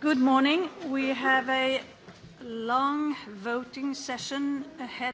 Good morning. We have a long voting session ahead.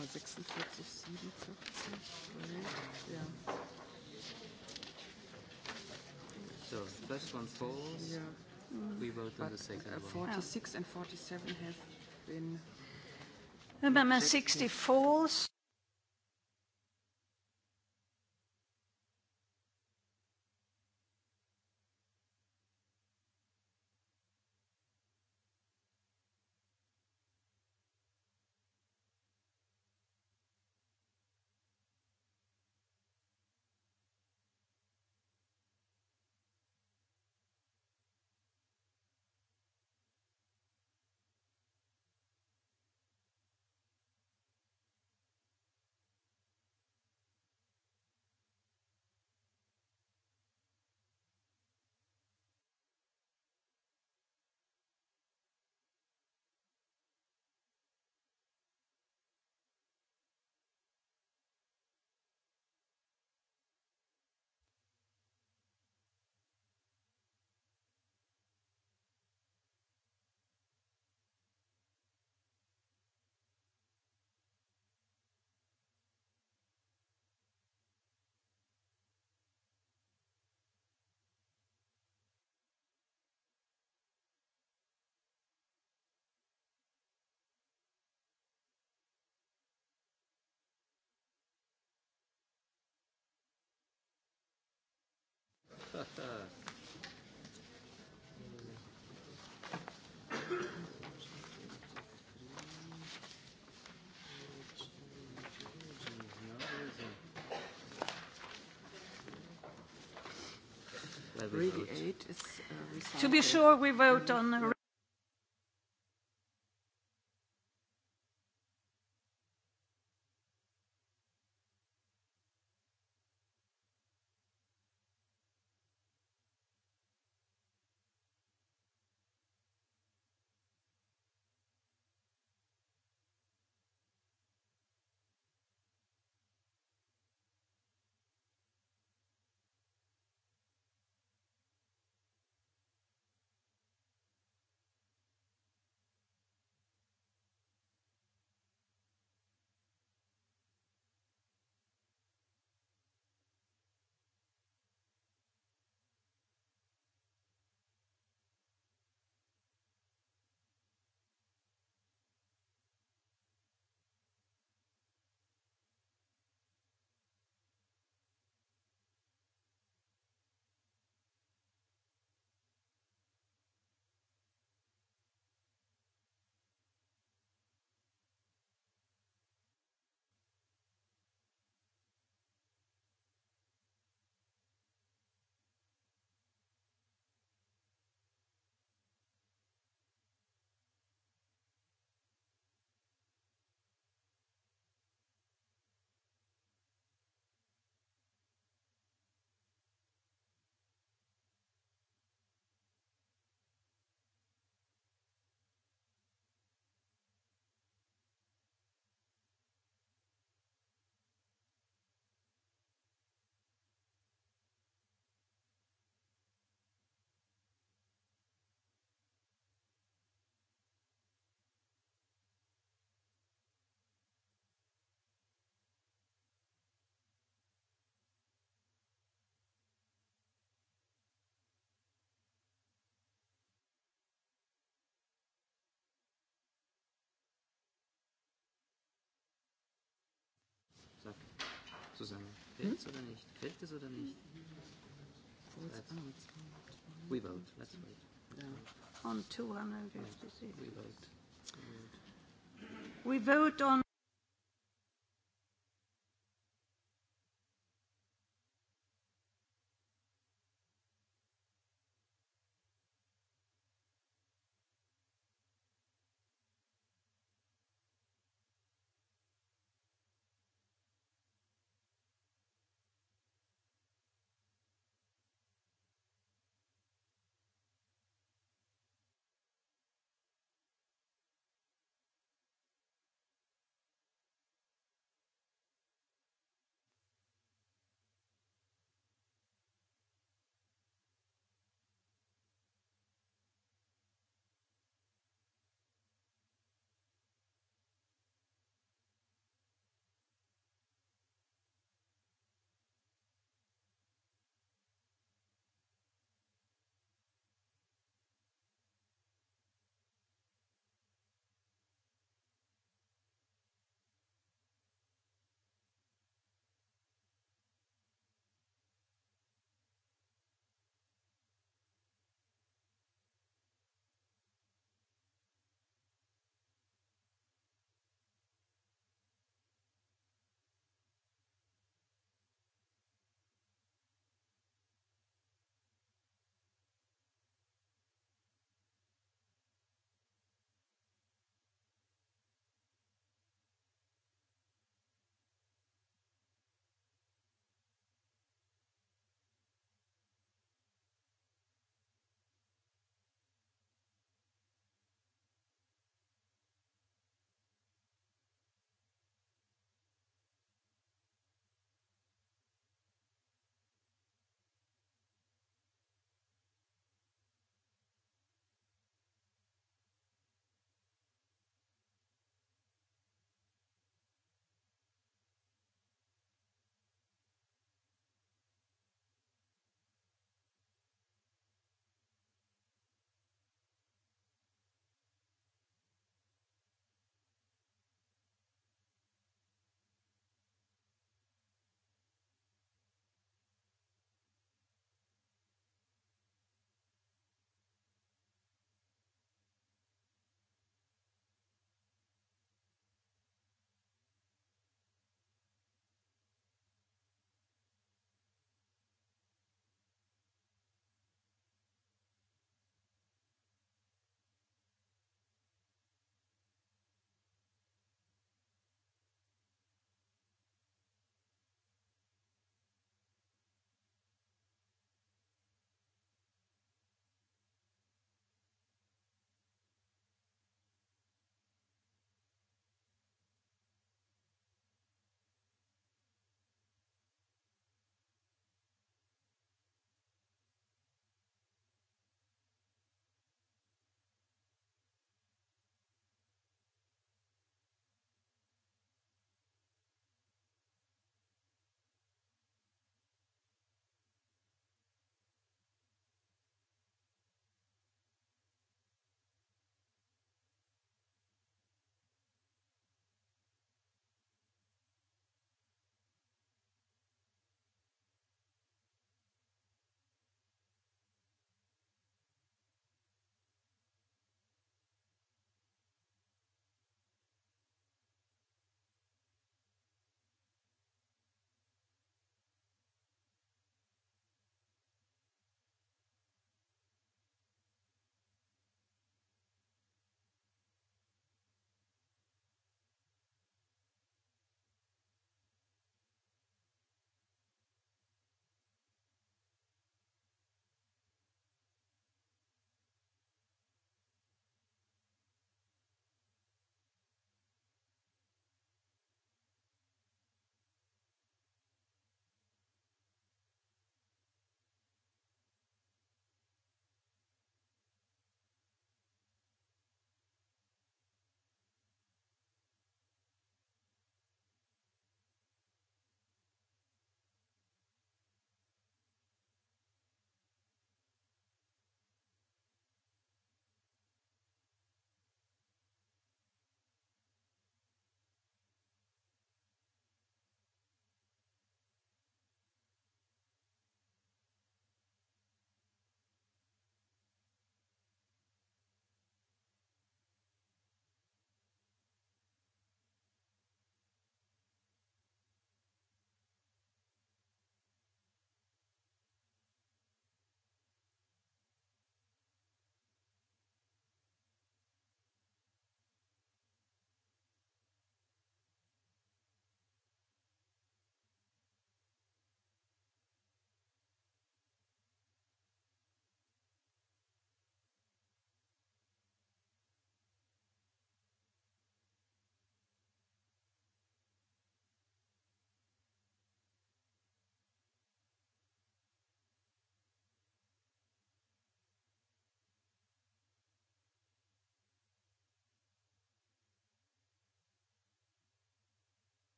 mal 46, 47. Ja. So, first one falls. Yeah. Mm. We vote on the second uh, one. 46 and 47 have been. Amendment 60 falls. Uh, to be sure we vote on mm-hmm. zusammen. Fällt es hm? oder nicht? Fällt es oder nicht? Let's, we vote. Let's vote. Yeah. On 256. We vote. We vote on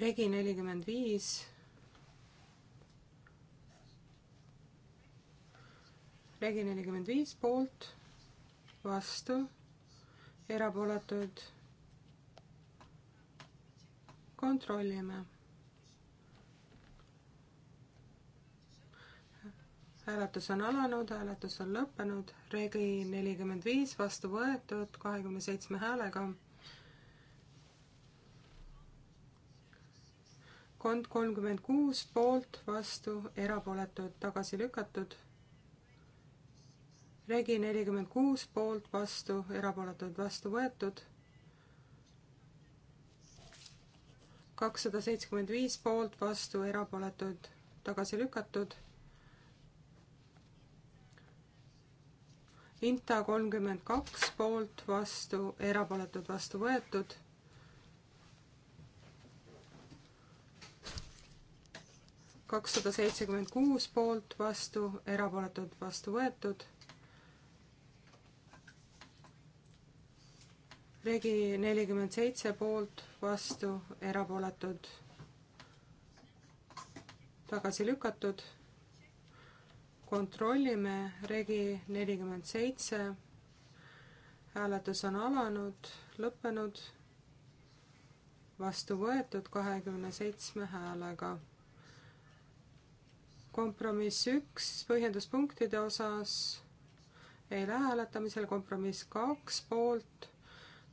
regi nelikümmend viis. regi nelikümmend viis poolt, vastu, erapooletud. kontrollime. hääletus on alanud, hääletus on lõppenud, regi nelikümmend viis vastu võetud kahekümne seitsme häälega kond kolmkümmend kuus poolt, vastu, erapooletud, tagasi lükatud. regi nelikümmend kuus poolt, vastu, erapooletud, vastu võetud. kakssada seitsekümmend viis poolt, vastu, erapooletud, tagasi lükatud. Inta kolmkümmend kaks poolt, vastu, erapooletud, vastu võetud kakssada seitsekümmend kuus poolt, vastu, erapooletud, vastu võetud. regi nelikümmend seitse poolt, vastu, erapooletud, tagasi lükatud. kontrollime regi nelikümmend seitse. hääletus on alanud, lõppenud, vastu võetud kahekümne seitsme häälega kompromiss üks põhjenduspunktide osas ei lähe hääletamisele, kompromiss kaks poolt,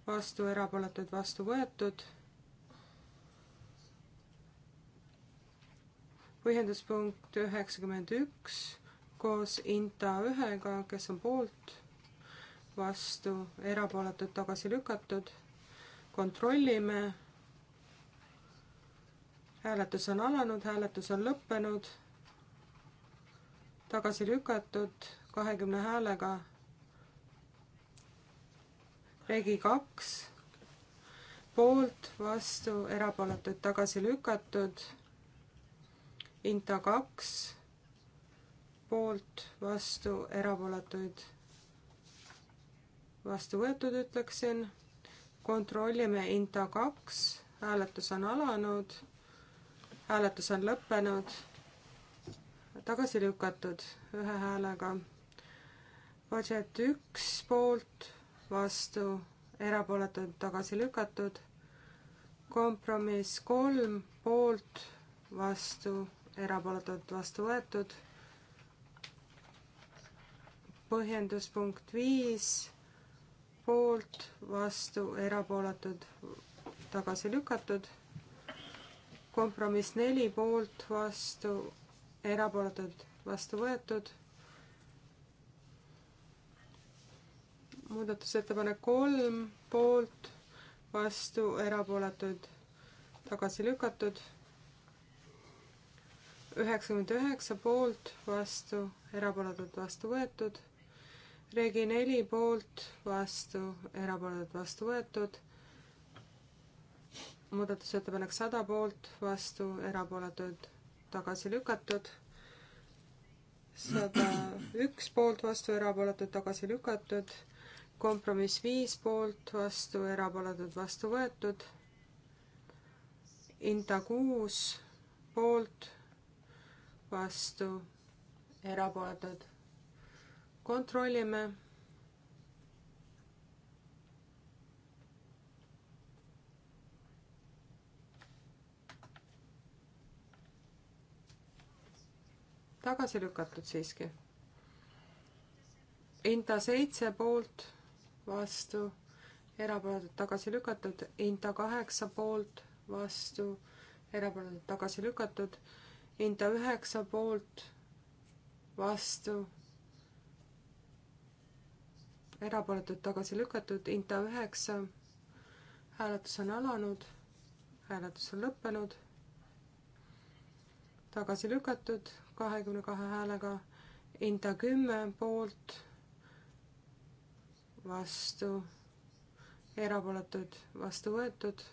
vastu erapooletud, vastu võetud. põhjenduspunkt üheksakümmend üks koos INTA ühega, kes on poolt, vastu erapooletud, tagasi lükatud. kontrollime hääletus on alanud, hääletus on lõppenud tagasi lükatud kahekümne häälega. regi kaks, poolt, vastu, erapooletud, tagasi lükatud. Inta kaks, poolt, vastu, erapooletuid vastu võetud, ütleksin. kontrollime Inta kaks, hääletus on alanud, hääletus on lõppenud tagasi lükatud ühe häälega. budget üks poolt, vastu, erapooletud, tagasi lükatud. kompromiss kolm poolt, vastu, erapooletud, vastu võetud. põhjendus punkt viis, poolt, vastu, erapooletud, tagasi lükatud. kompromiss neli poolt, vastu erapooletud, vastu võetud. muudatusettepanek kolm, poolt, vastu, erapooletud, tagasi lükatud. üheksakümmend üheksa poolt, vastu, erapooletud, vastu võetud. Regi neli poolt, vastu, erapooletud, vastu võetud muudatusettepanek sada poolt, vastu, erapooletuid tagasi lükatud. sada üks poolt vastu, erapooletud, tagasi lükatud. kompromiss viis poolt vastu, erapooletud, vastu võetud. Inta kuus poolt vastu, erapooletud. kontrollime tagasi lükatud siiski. Inta seitse poolt, vastu, erapooletud tagasi lükatud, Inta kaheksa poolt, vastu, erapooletud tagasi lükatud, Inta üheksa poolt, vastu, erapooletud tagasi lükatud, Inta üheksa, hääletus on alanud, hääletus on lõppenud, tagasi lükatud, kahekümne kahe häälega, Inta kümme poolt, vastu, erapooletud, vastu võetud.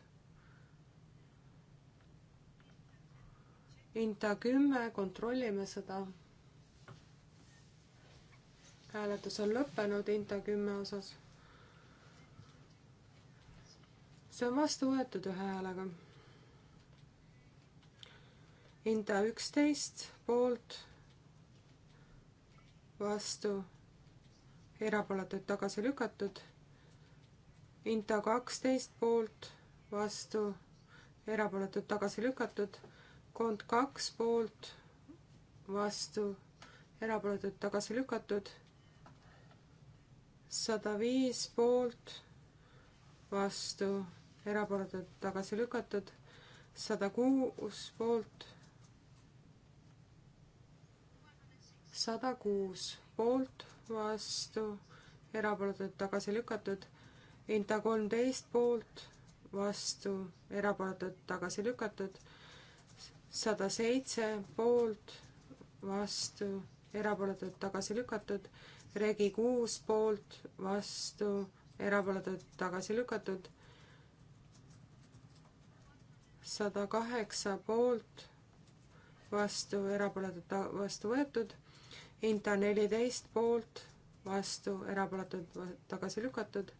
Inta kümme, kontrollime seda. hääletus on lõppenud Inta kümme osas. see on vastu võetud ühe häälega Inta üksteist poolt, vastu, erapooletuid tagasi lükatud. Inta kaksteist poolt, vastu, erapooletuid tagasi lükatud. Kond kaks poolt, vastu, erapooletuid tagasi lükatud. sada viis poolt, vastu, erapooletuid tagasi lükatud. sada kuus poolt sada kuus poolt, vastu, erapooletud, tagasi lükatud. Inta kolmteist poolt, vastu, erapooletud, tagasi lükatud. sada seitse poolt, vastu, erapooletud, tagasi lükatud. Regi kuus poolt, vastu, erapooletud, tagasi lükatud. sada kaheksa poolt, vastu, erapooletud, vastu võetud Inta neliteist poolt, vastu, erapooletud, tagasi lükatud.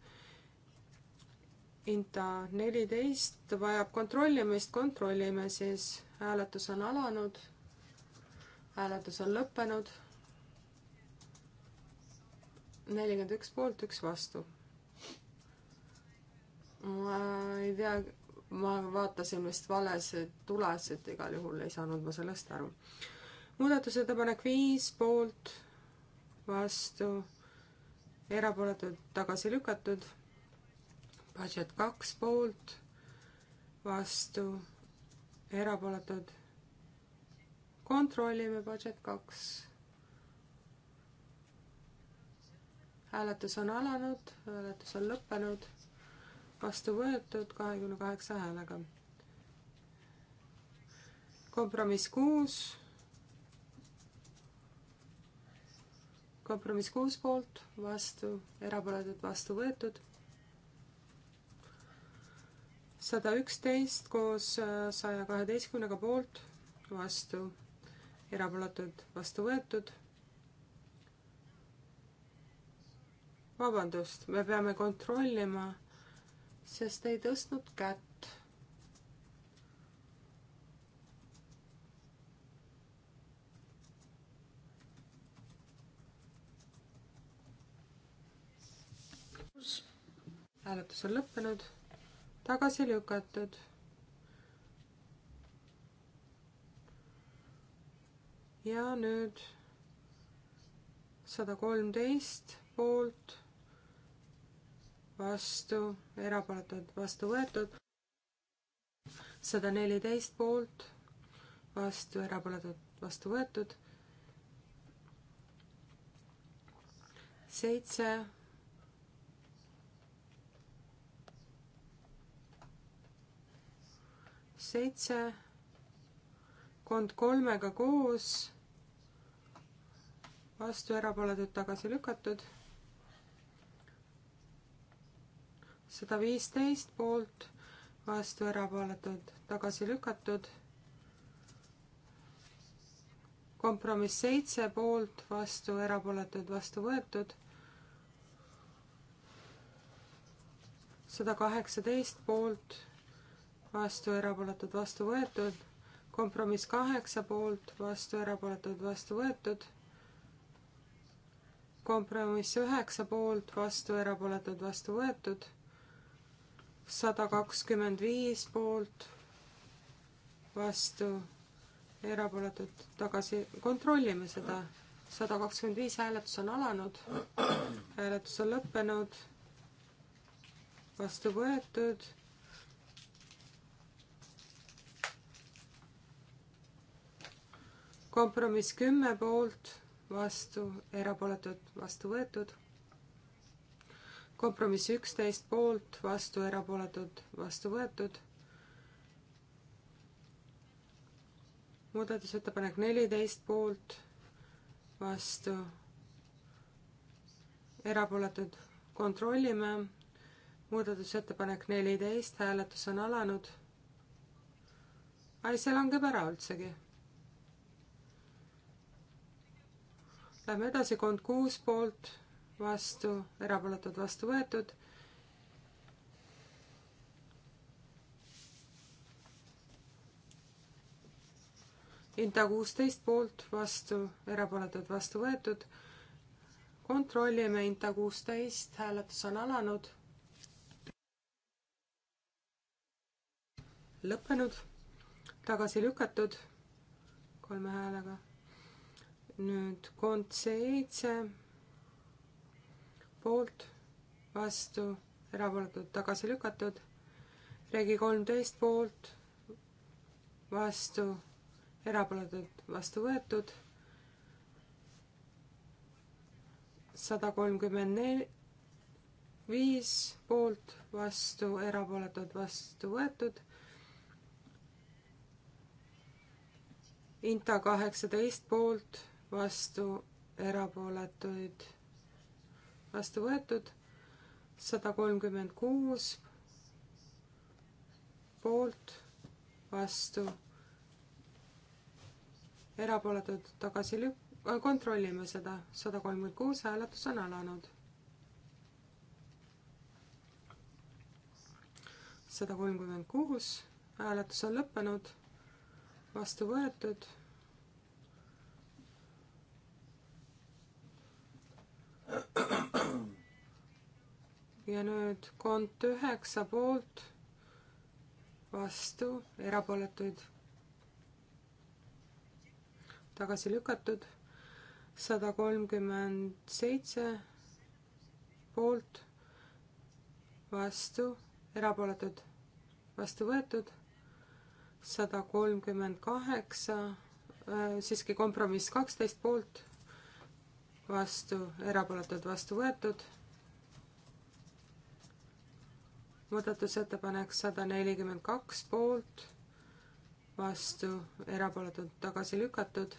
Inta neliteist vajab kontrollimist, kontrollime siis. hääletus on alanud. hääletus on lõppenud. nelikümmend üks poolt, üks vastu. ma ei tea, ma vaatasin vist vales tules, et igal juhul ei saanud ma sellest aru muudatusettepanek viis poolt, vastu, erapooletud, tagasi lükatud. Budget kaks poolt, vastu, erapooletud. kontrollime budget kaks. hääletus on alanud, hääletus on lõppenud, vastu võetud kahekümne kaheksa häälega. kompromiss kuus kompromiss kuus poolt, vastu, erapooletud, vastu võetud. sada üksteist koos äh, saja kaheteistkümnega poolt, vastu, erapooletud, vastu võetud. vabandust, me peame kontrollima, sest ei tõstnud kätt. hääletus on lõppenud, tagasi lükatud. ja nüüd sada kolmteist poolt, vastu, erapooletud, vastu võetud. sada neliteist poolt, vastu, erapooletud, vastu võetud. seitse seitse, kond kolmega koos, vastu erapooletud tagasi lükatud. sada viisteist poolt, vastu erapooletud tagasi lükatud. kompromiss seitse poolt, vastu erapooletud, vastu võetud sada kaheksateist poolt vastu, erapooletud, vastu võetud. kompromiss kaheksa poolt, vastu, erapooletud, vastu võetud. kompromiss üheksa poolt, vastu, erapooletud, vastu võetud. sada kakskümmend viis poolt, vastu, erapooletud, tagasi, kontrollime seda sada kakskümmend viis hääletus on alanud, hääletus on lõppenud, vastu võetud kompromiss kümme poolt, vastu, erapooletud, vastu võetud. kompromiss üksteist poolt, vastu, erapooletud, vastu võetud. muudatusettepanek neliteist poolt, vastu, erapooletud, kontrollime muudatusettepanek neliteist, hääletus on alanud. ai, see langeb ära üldsegi. Lähme edasi, kond kuus poolt, vastu, erapooletud, vastu võetud. Inta kuusteist poolt, vastu, erapooletud, vastu võetud. kontrollime Inta kuusteist, hääletus on alanud. lõppenud, tagasi lükatud kolme häälega nüüd kond seitse, poolt, vastu, erapooletud, tagasi lükatud. regi kolmteist poolt, vastu, erapooletud, vastu võetud. sada kolmkümmend neli, viis poolt, vastu, erapooletud, vastu võetud. Inta kaheksateist poolt vastu, erapooletuid vastu võetud, sada kolmkümmend kuus poolt, vastu, erapooletud tagasi lük-, äh, kontrollime seda, sada kolmkümmend kuus hääletus on alanud. sada kolmkümmend kuus, hääletus on lõppenud, vastu võetud ja nüüd kont üheksa poolt, vastu, erapooletuid. tagasi lükatud, sada kolmkümmend seitse poolt, vastu, erapooletud, vastu võetud, sada kolmkümmend kaheksa, äh, siiski kompromiss kaksteist poolt vastu, erapooletult vastu võetud. muudatusettepanek sada nelikümmend kaks poolt, vastu, erapooletult tagasi lükatud.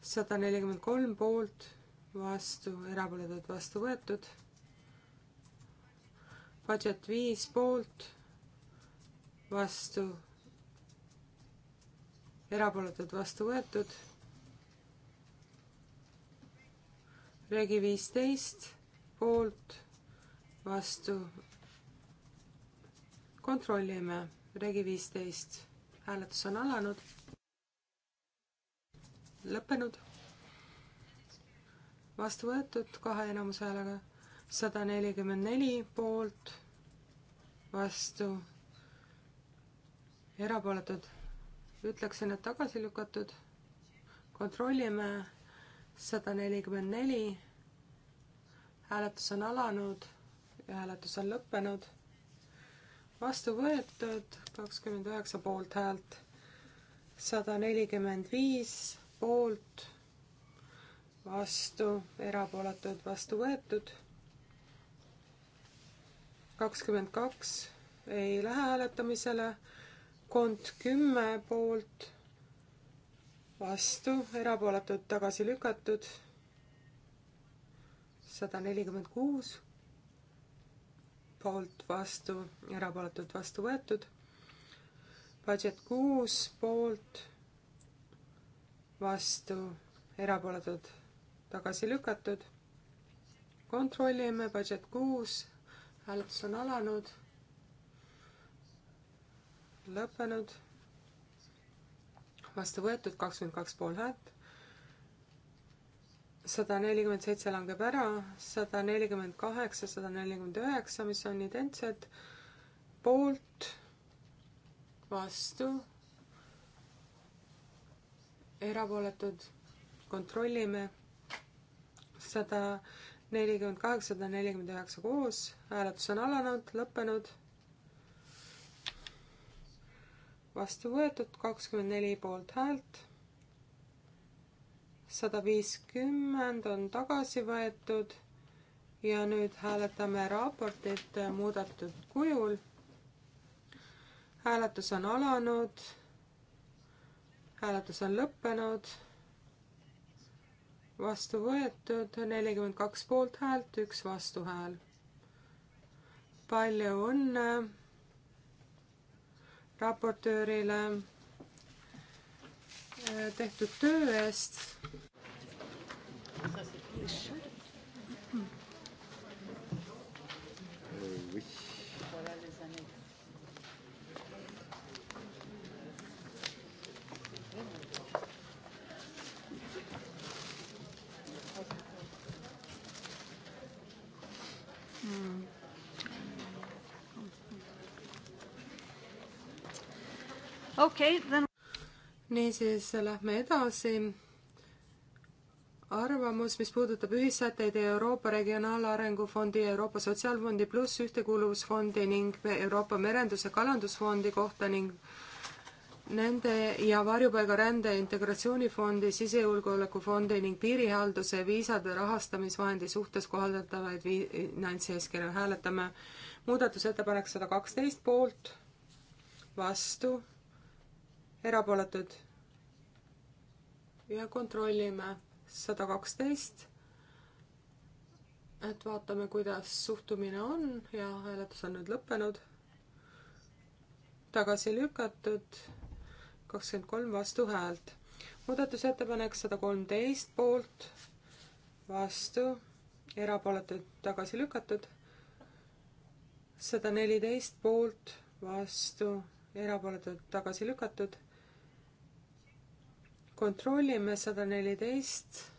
sada nelikümmend kolm poolt, vastu, erapooletult vastu võetud. Budget viis poolt, vastu, erapooletult vastu võetud Regi viisteist poolt, vastu. kontrollime, Regi viisteist, hääletus on alanud. lõppenud. vastu võetud kahe enamushäälega, sada nelikümmend neli poolt, vastu, erapooletud. ütleksin, et tagasi lükatud. kontrollime sada nelikümmend neli. hääletus on alanud ja hääletus on lõppenud. vastu võetud kakskümmend üheksa poolthäält, sada nelikümmend viis poolt, vastu, erapooletud, vastu võetud. kakskümmend kaks ei lähe hääletamisele, kont kümme poolt vastu, erapooletud tagasi lükatud, sada nelikümmend kuus, poolt, vastu, erapooletud, vastu võetud, budget kuus, poolt, vastu, erapooletud, tagasi lükatud, kontrollime, budget kuus, hääletus on alanud, lõppenud vastu võetud, kakskümmend kaks poolhäält. sada nelikümmend seitse langeb ära, sada nelikümmend kaheksa, sada nelikümmend üheksa, mis on identsed, poolt, vastu, erapooletud, kontrollime, sada nelikümmend kaheksa, sada nelikümmend üheksa koos, hääletus on alanud, lõppenud vastu võetud, kakskümmend neli poolthäält. sada viiskümmend on tagasi võetud ja nüüd hääletame raportit muudetud kujul. hääletus on alanud. hääletus on lõppenud. vastu võetud nelikümmend kaks poolthäält, üks vastuhääl. palju õnne raportöörile eh, tehtud töö eest. okay, then... niisiis, lähme edasi. arvamus, mis puudutab ühissätteid Euroopa Regionaalarengu Fondi, Euroopa Sotsiaalfondi pluss Ühtekuuluvusfondi ning Euroopa Merendus- ja Kalandusfondi kohta ning nende ja varjupaigarände integratsioonifondi, sisejulgeolekufondi ning piirihalduse ja viisade rahastamisvahendi suhtes kohaldatavaid finantseeskirju. hääletame muudatusettepanek sada kaksteist poolt, vastu, erapooletud. ja kontrollime sada kaksteist. et vaatame, kuidas suhtumine on ja hääletus on nüüd lõppenud. tagasi lükatud kakskümmend kolm vastuhäält. muudatusettepanek sada kolmteist poolt, vastu, erapooletud, tagasi lükatud. sada neliteist poolt, vastu, erapooletud, tagasi lükatud kontrollime sada neliteist.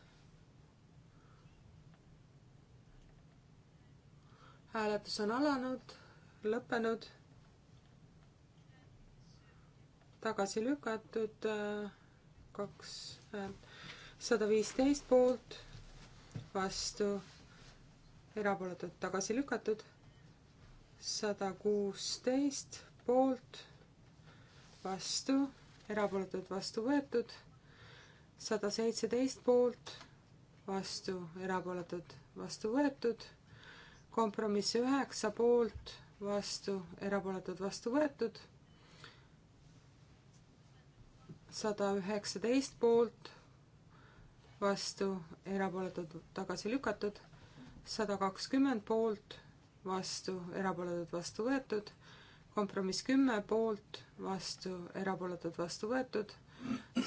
hääletus on alanud, lõppenud. tagasi lükatud äh, kaks häält, äh, sada viisteist poolt, vastu, erapooletud, tagasi lükatud, sada kuusteist poolt, vastu erapooletud vastu võetud sada seitseteist poolt, vastu, erapooletud, vastu võetud. kompromiss üheksa poolt, vastu, erapooletud, vastu võetud. sada üheksateist poolt, vastu, erapooletud, tagasi lükatud. sada kakskümmend poolt, vastu, erapooletud, vastu võetud kompromiss kümme poolt, vastu, erapooletud, vastu võetud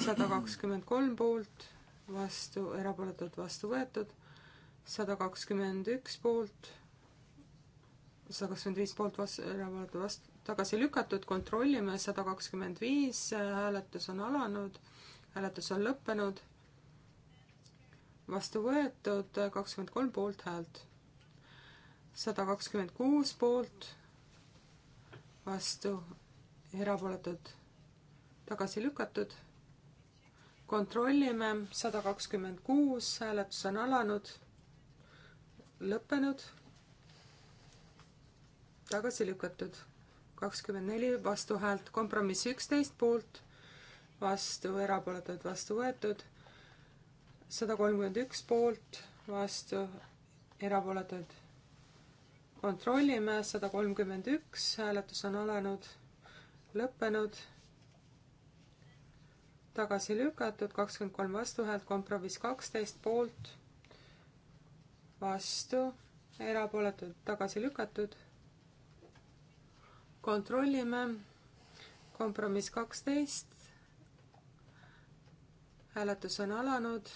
sada kakskümmend kolm poolt, vastu, erapooletult vastu võetud, sada kakskümmend üks poolt, sada kakskümmend viis poolt vastu, erapooletu vastu, tagasi lükatud, kontrollime, sada kakskümmend viis, hääletus on alanud, hääletus on lõppenud, vastu võetud kakskümmend kolm poolthäält, sada kakskümmend kuus poolt, vastu erapooletud, tagasi lükatud kontrollime, sada kakskümmend kuus, hääletus on alanud, lõppenud, tagasi lükatud, kakskümmend neli vastuhäält, kompromiss üksteist poolt, vastu, erapooletud, vastu võetud, sada kolmkümmend üks poolt, vastu, erapooletud. kontrollime, sada kolmkümmend üks, hääletus on alanud, lõppenud tagasi lükatud, kakskümmend kolm vastuhäält, kompromiss kaksteist poolt, vastu, erapooletud, tagasi lükatud. kontrollime, kompromiss kaksteist, hääletus on alanud,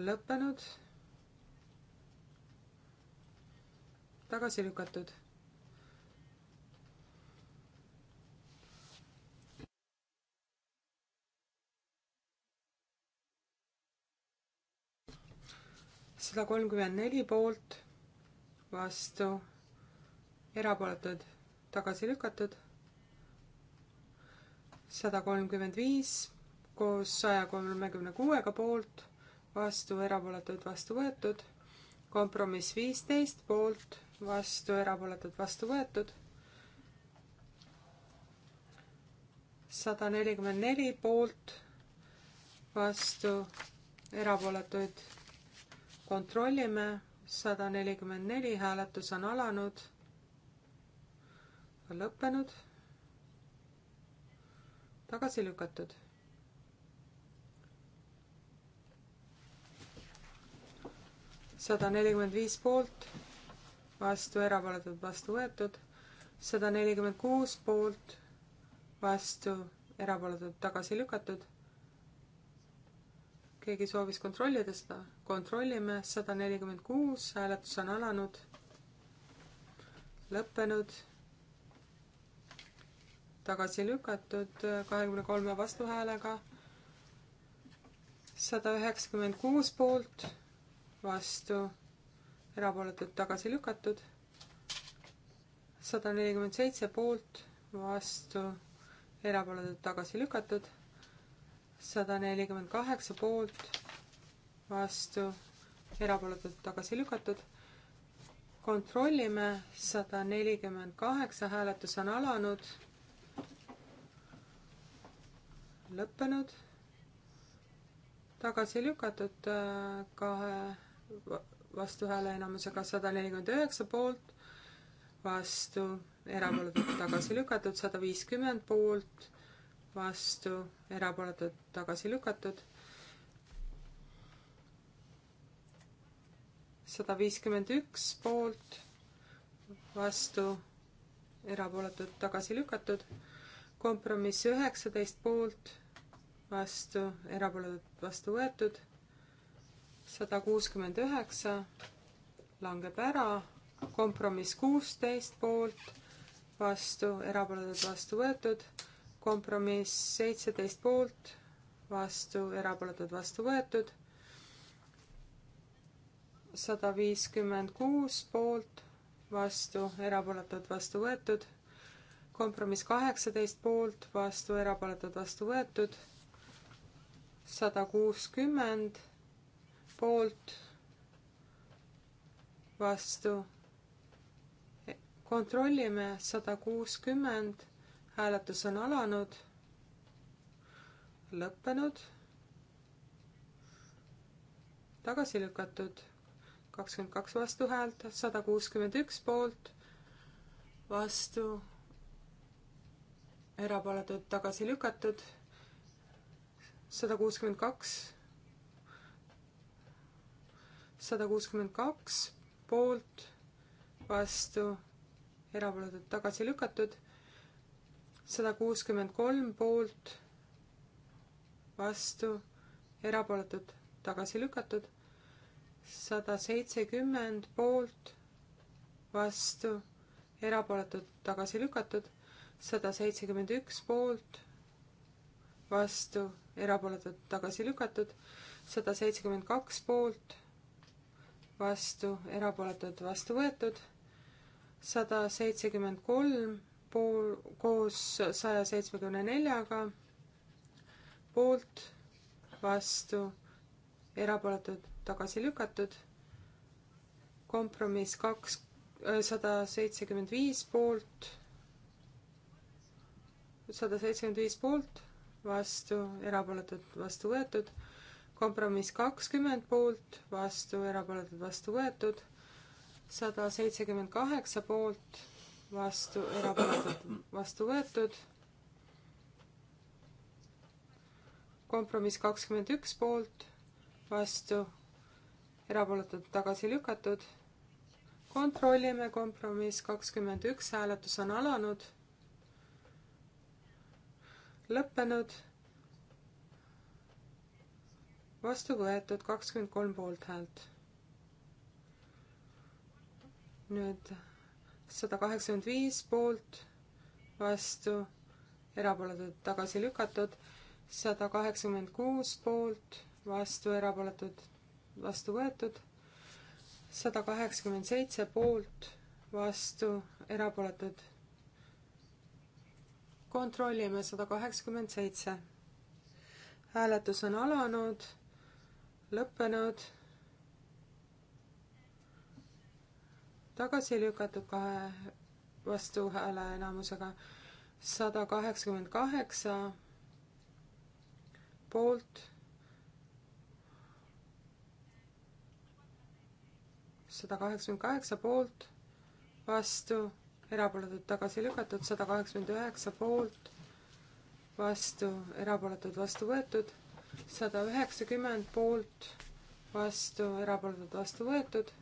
lõppenud, tagasi lükatud sada kolmkümmend neli poolt, vastu, erapooletud, tagasi lükatud. sada kolmkümmend viis koos saja kolmekümne kuuega poolt, vastu, erapooletud, vastu võetud. kompromiss viisteist poolt, vastu, erapooletud, vastu võetud. sada nelikümmend neli poolt, vastu, erapooletuid kontrollime, sada nelikümmend neli, hääletus on alanud, lõppenud, tagasi lükatud. sada nelikümmend viis poolt, vastu erapooletud, vastu võetud, sada nelikümmend kuus poolt, vastu erapooletud, tagasi lükatud keegi soovis kontrollida seda, kontrollime, sada nelikümmend kuus, hääletus on alanud, lõppenud, tagasi lükatud kahekümne kolme vastuhäälega, sada üheksakümmend kuus poolt, vastu, erapooletud tagasi lükatud, sada nelikümmend seitse poolt, vastu, erapooletud tagasi lükatud sada nelikümmend kaheksa poolt, vastu, erapooletult tagasi lükatud. kontrollime, sada nelikümmend kaheksa, hääletus on alanud, lõppenud, tagasi lükatud äh, kahe vastuhääle enamusega sada nelikümmend üheksa poolt, vastu, erapooletult tagasi lükatud sada viiskümmend poolt vastu, erapooletud tagasi lükatud. sada viiskümmend üks poolt, vastu, erapooletud tagasi lükatud. kompromiss üheksateist poolt, vastu, erapooletud vastu võetud. sada kuuskümmend üheksa langeb ära, kompromiss kuusteist poolt, vastu, erapooletud vastu võetud kompromiss seitseteist poolt, vastu, erapooletud, vastu võetud. sada viiskümmend kuus poolt, vastu, erapooletud, vastu võetud. kompromiss kaheksateist poolt, vastu, erapooletud, vastu võetud. sada kuuskümmend poolt, vastu. kontrollime sada kuuskümmend hääletus on alanud, lõppenud, tagasi lükatud, kakskümmend kaks vastuhäält, sada kuuskümmend üks poolt, vastu, erapooletud, tagasi lükatud, sada kuuskümmend kaks, sada kuuskümmend kaks poolt, vastu, erapooletud, tagasi lükatud sada kuuskümmend kolm poolt, vastu, erapooletud, tagasi lükatud, sada seitsekümmend poolt, vastu, erapooletud, tagasi lükatud, sada seitsekümmend üks poolt, vastu, erapooletud, tagasi lükatud, sada seitsekümmend kaks poolt, vastu, erapooletud, vastu võetud, sada seitsekümmend kolm pool, koos saja seitsmekümne neljaga, poolt, vastu, erapooletud, tagasi lükatud, kompromiss kaks, äh, sada seitsekümmend viis poolt, sada seitsekümmend viis poolt, vastu, erapooletud, vastu võetud, kompromiss kakskümmend poolt, vastu, erapooletud, vastu võetud, sada seitsekümmend kaheksa poolt vastu, erapooletud, vastu võetud. kompromiss kakskümmend üks poolt, vastu, erapooletud, tagasi lükatud. kontrollime, kompromiss kakskümmend üks, hääletus on alanud. lõppenud. vastu võetud kakskümmend kolm poolthäält. nüüd sada kaheksakümmend viis poolt, vastu, erapooletud, tagasi lükatud, sada kaheksakümmend kuus poolt, vastu, erapooletud, vastu võetud, sada kaheksakümmend seitse poolt, vastu, erapooletud. kontrollime sada kaheksakümmend seitse. hääletus on alanud, lõppenud tagasi lükatud kahe vastuhääle enamusega, sada kaheksakümmend kaheksa poolt, sada kaheksakümmend kaheksa poolt, vastu, erapooletud tagasi lükatud, sada kaheksakümmend üheksa poolt, vastu, erapooletud vastu võetud, sada üheksakümmend poolt, vastu, erapooletud vastu võetud,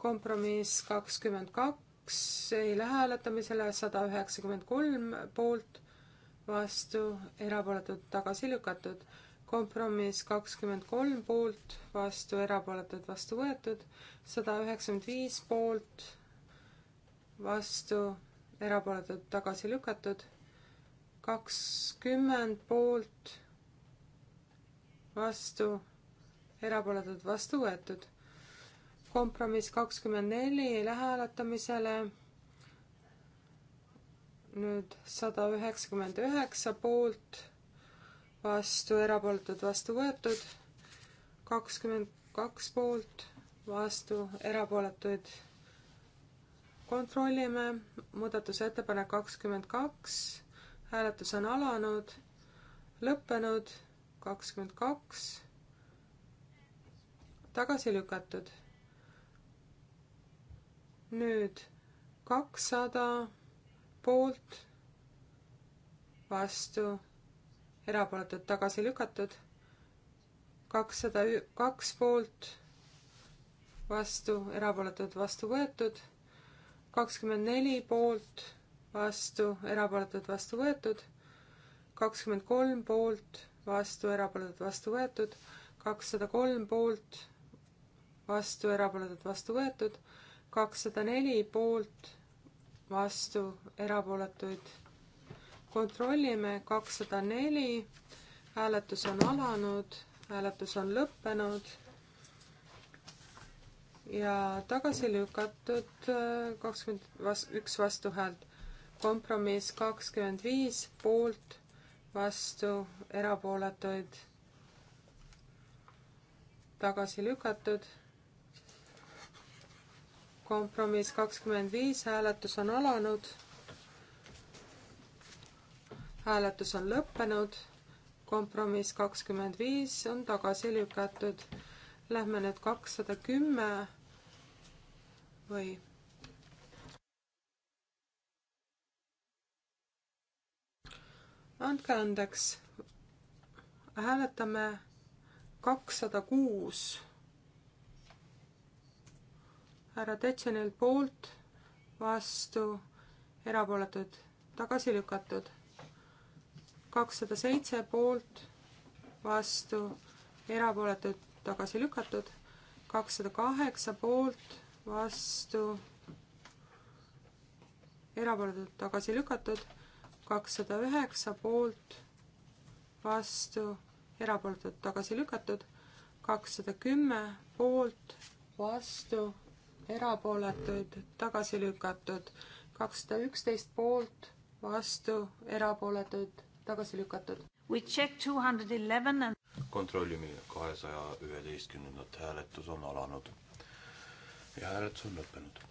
kompromiss kakskümmend kaks ei lähe hääletamisele, sada üheksakümmend kolm poolt, vastu, erapooletud, tagasi lükatud. kompromiss kakskümmend kolm poolt, vastu, erapooletud, vastu võetud, sada üheksakümmend viis poolt, vastu, erapooletud, tagasi lükatud, kakskümmend poolt, vastu, erapooletud, vastu võetud kompromiss kakskümmend neli hääletamisele. nüüd sada üheksakümmend üheksa poolt, vastu, erapooletud, vastu võetud. kakskümmend kaks poolt, vastu, erapooletuid. kontrollime muudatusettepanek kakskümmend kaks. hääletus on alanud, lõppenud kakskümmend kaks, tagasi lükatud nüüd kakssada poolt, vastu, erapooletud tagasi lükatud, kakssada kaks poolt, vastu, erapooletud vastu võetud, kakskümmend neli poolt, vastu, erapooletud vastu võetud, kakskümmend kolm poolt, vastu, erapooletud vastu võetud, kakssada kolm poolt, vastu, erapooletud vastu võetud, kakssada kakssada neli poolt, vastu, erapooletuid. kontrollime kakssada neli. hääletus on alanud, hääletus on lõppenud ja tagasi lükatud äh, kakskümmend vas-, üks vastuhäält. kompromiss kakskümmend viis poolt, vastu, erapooletuid tagasi lükatud kompromiss kakskümmend viis, hääletus on alanud. hääletus on lõppenud, kompromiss kakskümmend viis on tagasi lükatud. Lähme nüüd kakssada kümme või andke andeks, hääletame kakssada kuus härra Tetšenilt poolt, vastu, erapooletud, tagasi lükatud. kakssada seitse poolt, vastu, erapooletud, tagasi lükatud. kakssada kaheksa poolt, vastu, erapooletud, tagasi lükatud. kakssada üheksa poolt, vastu, erapooletud, tagasi lükatud. kakssada kümme poolt, vastu erapooletuid, tagasi lükatud. kakssada üksteist poolt, vastu, erapooletuid, tagasi lükatud. We check two hundred eleven and kontrollime kahesaja üheteistkümnendat hääletus on alanud. ja hääletus on lõppenud.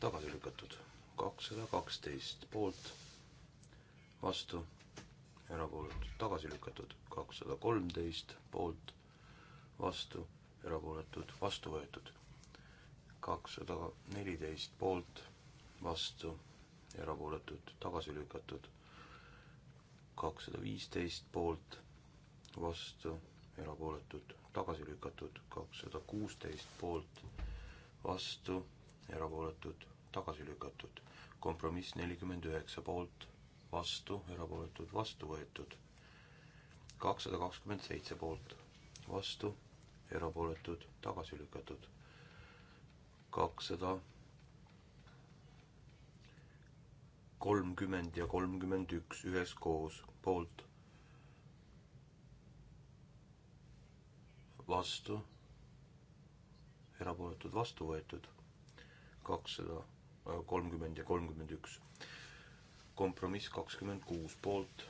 tagasi lükatud kakssada kaksteist poolt, vastu, erapooletud, tagasi lükatud kakssada kolmteist poolt, vastu, erapooletud, vastu võetud kakssada neliteist poolt, vastu, erapooletud, tagasi lükatud. kakssada viisteist poolt, vastu, erapooletud, tagasi lükatud. kakssada kuusteist poolt, vastu, erapooletud, tagasi lükatud. kompromiss nelikümmend üheksa poolt, vastu, erapooletud, vastu võetud. kakssada kakskümmend seitse poolt, vastu, erapooletud, tagasi lükatud kakssada kolmkümmend ja kolmkümmend üks üheskoos poolt. vastu, erapooletud vastu võetud, kakssada äh, kolmkümmend ja kolmkümmend üks. kompromiss kakskümmend kuus poolt.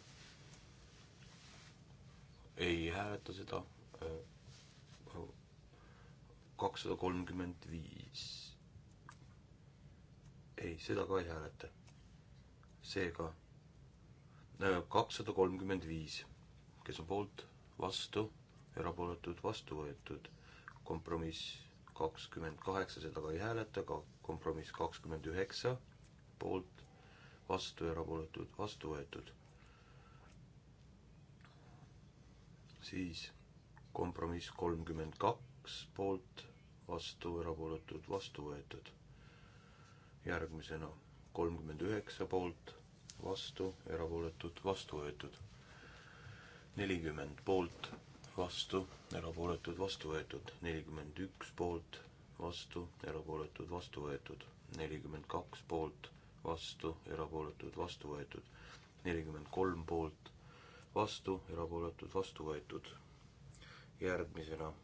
ei hääleta seda äh, kakssada kolmkümmend viis. ei, seda ka ei hääleta. seega äh, kakssada kolmkümmend viis, kes on poolt, vastu, erapooletud, vastu võetud. kompromiss kakskümmend kaheksa, seda ka ei hääleta, ka kompromiss kakskümmend üheksa, poolt, vastu, erapooletud, vastu võetud. siis kompromiss kolmkümmend kaks, kaks poolt, vastu, erapooletud, vastu võetud. järgmisena kolmkümmend üheksa poolt, vastu, erapooletud, vastu võetud. nelikümmend poolt, vastu, erapooletud, vastu võetud. nelikümmend üks poolt, vastu, erapooletud, vastu võetud. nelikümmend kaks poolt, vastu, erapooletud, vastu võetud. nelikümmend kolm poolt, vastu, erapooletud, vastu võetud. järgmisena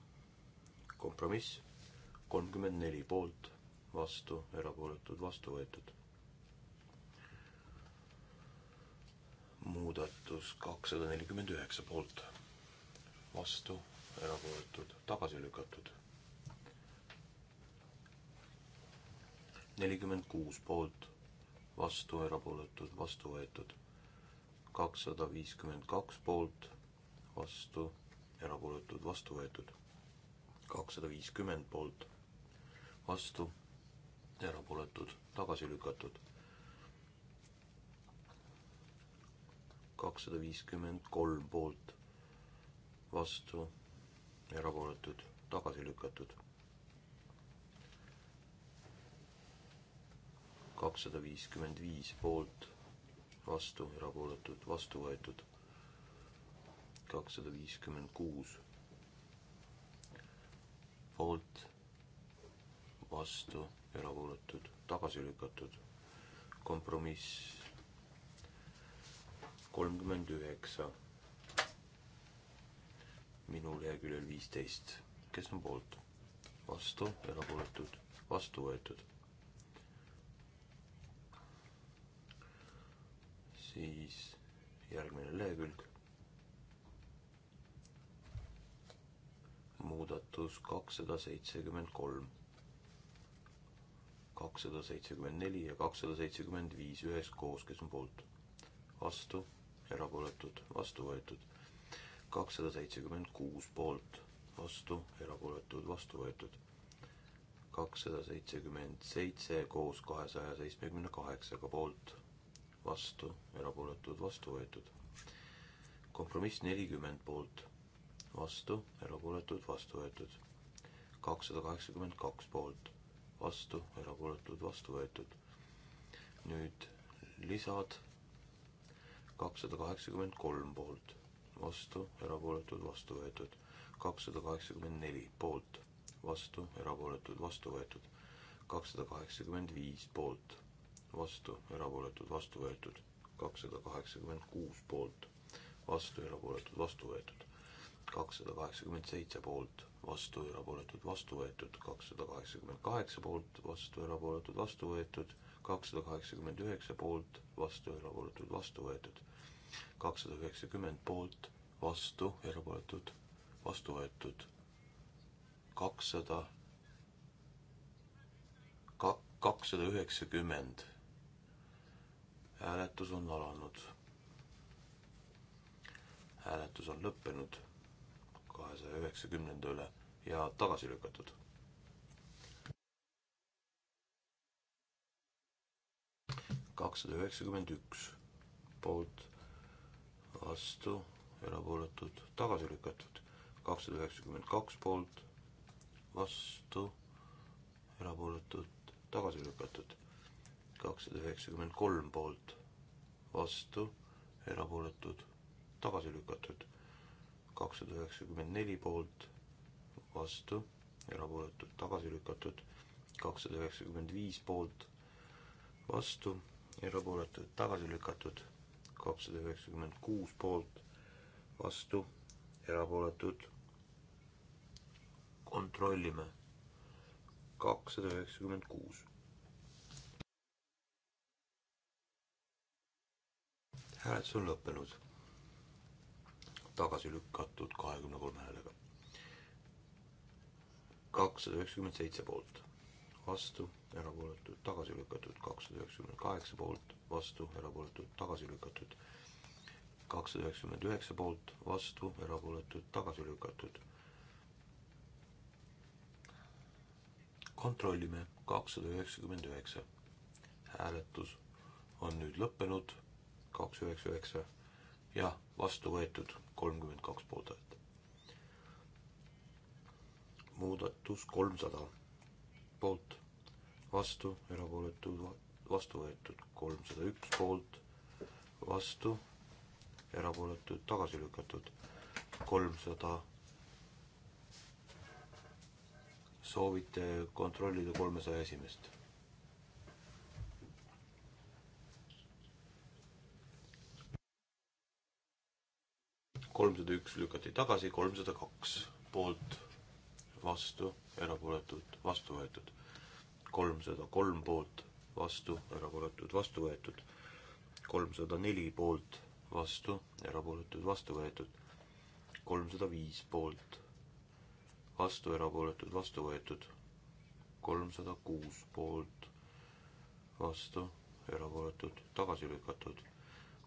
kompromiss kolmkümmend neli poolt, vastu, erapooletud, vastu võetud. muudatus kakssada nelikümmend üheksa poolt, vastu, erapooletud, tagasi lükatud. nelikümmend kuus poolt, vastu, erapooletud, vastu võetud. kakssada viiskümmend kaks poolt, vastu, erapooletud, vastu võetud kakssada viiskümmend poolt, vastu, erapooletud, tagasi lükatud. kakssada viiskümmend kolm poolt, vastu, erapooletud, tagasi lükatud. kakssada viiskümmend viis poolt, vastu, erapooletud, vastu võetud. kakssada viiskümmend kuus poolt, vastu, erapooletud, tagasi lükatud. kompromiss kolmkümmend üheksa, minu leheküljel viisteist, kes on poolt, vastu, erapooletud, vastu võetud. siis järgmine lehekülg muudatus kakssada seitsekümmend kolm, kakssada seitsekümmend neli ja kakssada seitsekümmend viis üheskoos, kes on poolt, vastu, erapooletud, vastu võetud, kakssada seitsekümmend kuus poolt, vastu, erapooletud, vastu võetud, kakssada seitsekümmend seitse koos kahesaja seitsmekümne kaheksaga poolt, vastu, erapooletud, vastu võetud, kompromiss nelikümmend poolt vastu, erapooletud, vastu võetud. kakssada kaheksakümmend kaks poolt, vastu, erapooletud, vastu võetud. nüüd lisad, kakssada kaheksakümmend kolm poolt, vastu, erapooletud, vastu võetud. kakssada kaheksakümmend neli poolt, vastu, erapooletud, vastu võetud. kakssada kaheksakümmend viis poolt, vastu, erapooletud, vastu võetud. kakssada kaheksakümmend kuus poolt, vastu, erapooletud, vastu võetud kakssada kaheksakümmend seitse poolt, vastu erapooletud, vastu võetud, kakssada kaheksakümmend kaheksa poolt, vastu erapooletud, vastu võetud, kakssada kaheksakümmend üheksa poolt, vastu erapooletud, vastu võetud, kakssada üheksakümmend poolt, vastu erapooletud, vastu võetud, kakssada, kak-, kakssada üheksakümmend. hääletus on alanud hääletus on lõppenud kahesaja üheksakümnenda üle ja tagasi lükatud. kakssada üheksakümmend üks poolt, vastu, erapooletud, tagasi lükatud. kakssada üheksakümmend kaks poolt, vastu, erapooletud, tagasi lükatud. kakssada üheksakümmend kolm poolt, vastu, erapooletud, tagasi lükatud kakssada üheksakümmend neli poolt, vastu, erapooletud, tagasi lükatud, kakssada üheksakümmend viis poolt, vastu, erapooletud, tagasi lükatud, kakssada üheksakümmend kuus poolt, vastu, erapooletud, kontrollime, kakssada üheksakümmend kuus. hääletus on lõppenud tagasi lükatud kahekümne kolme häälega. kakssada üheksakümmend seitse poolt, vastu, erapooletud, tagasi lükatud, kakssada üheksakümmend kaheksa poolt, vastu, erapooletud, tagasi lükatud, kakssada üheksakümmend üheksa poolt, vastu, erapooletud, tagasi lükatud. kontrollime, kakssada üheksakümmend üheksa. hääletus on nüüd lõppenud, kaks üheksa üheksa ja vastu võetud kolmkümmend kaks pooldajat. muudatus kolmsada poolt, vastu, erapooletud, vastu võetud kolmsada üks poolt, vastu, erapooletud, tagasi lükatud kolmsada 300 soovite kontrollida kolmesaja esimest? kolmsada üks lükati tagasi, kolmsada kaks poolt, vastu, erapooletud, vastu võetud. kolmsada kolm poolt, vastu, erapooletud, vastu võetud. kolmsada neli poolt, vastu, erapooletud, vastu võetud. kolmsada viis poolt, vastu, erapooletud, vastu võetud. kolmsada kuus poolt, vastu, erapooletud, tagasi lükatud.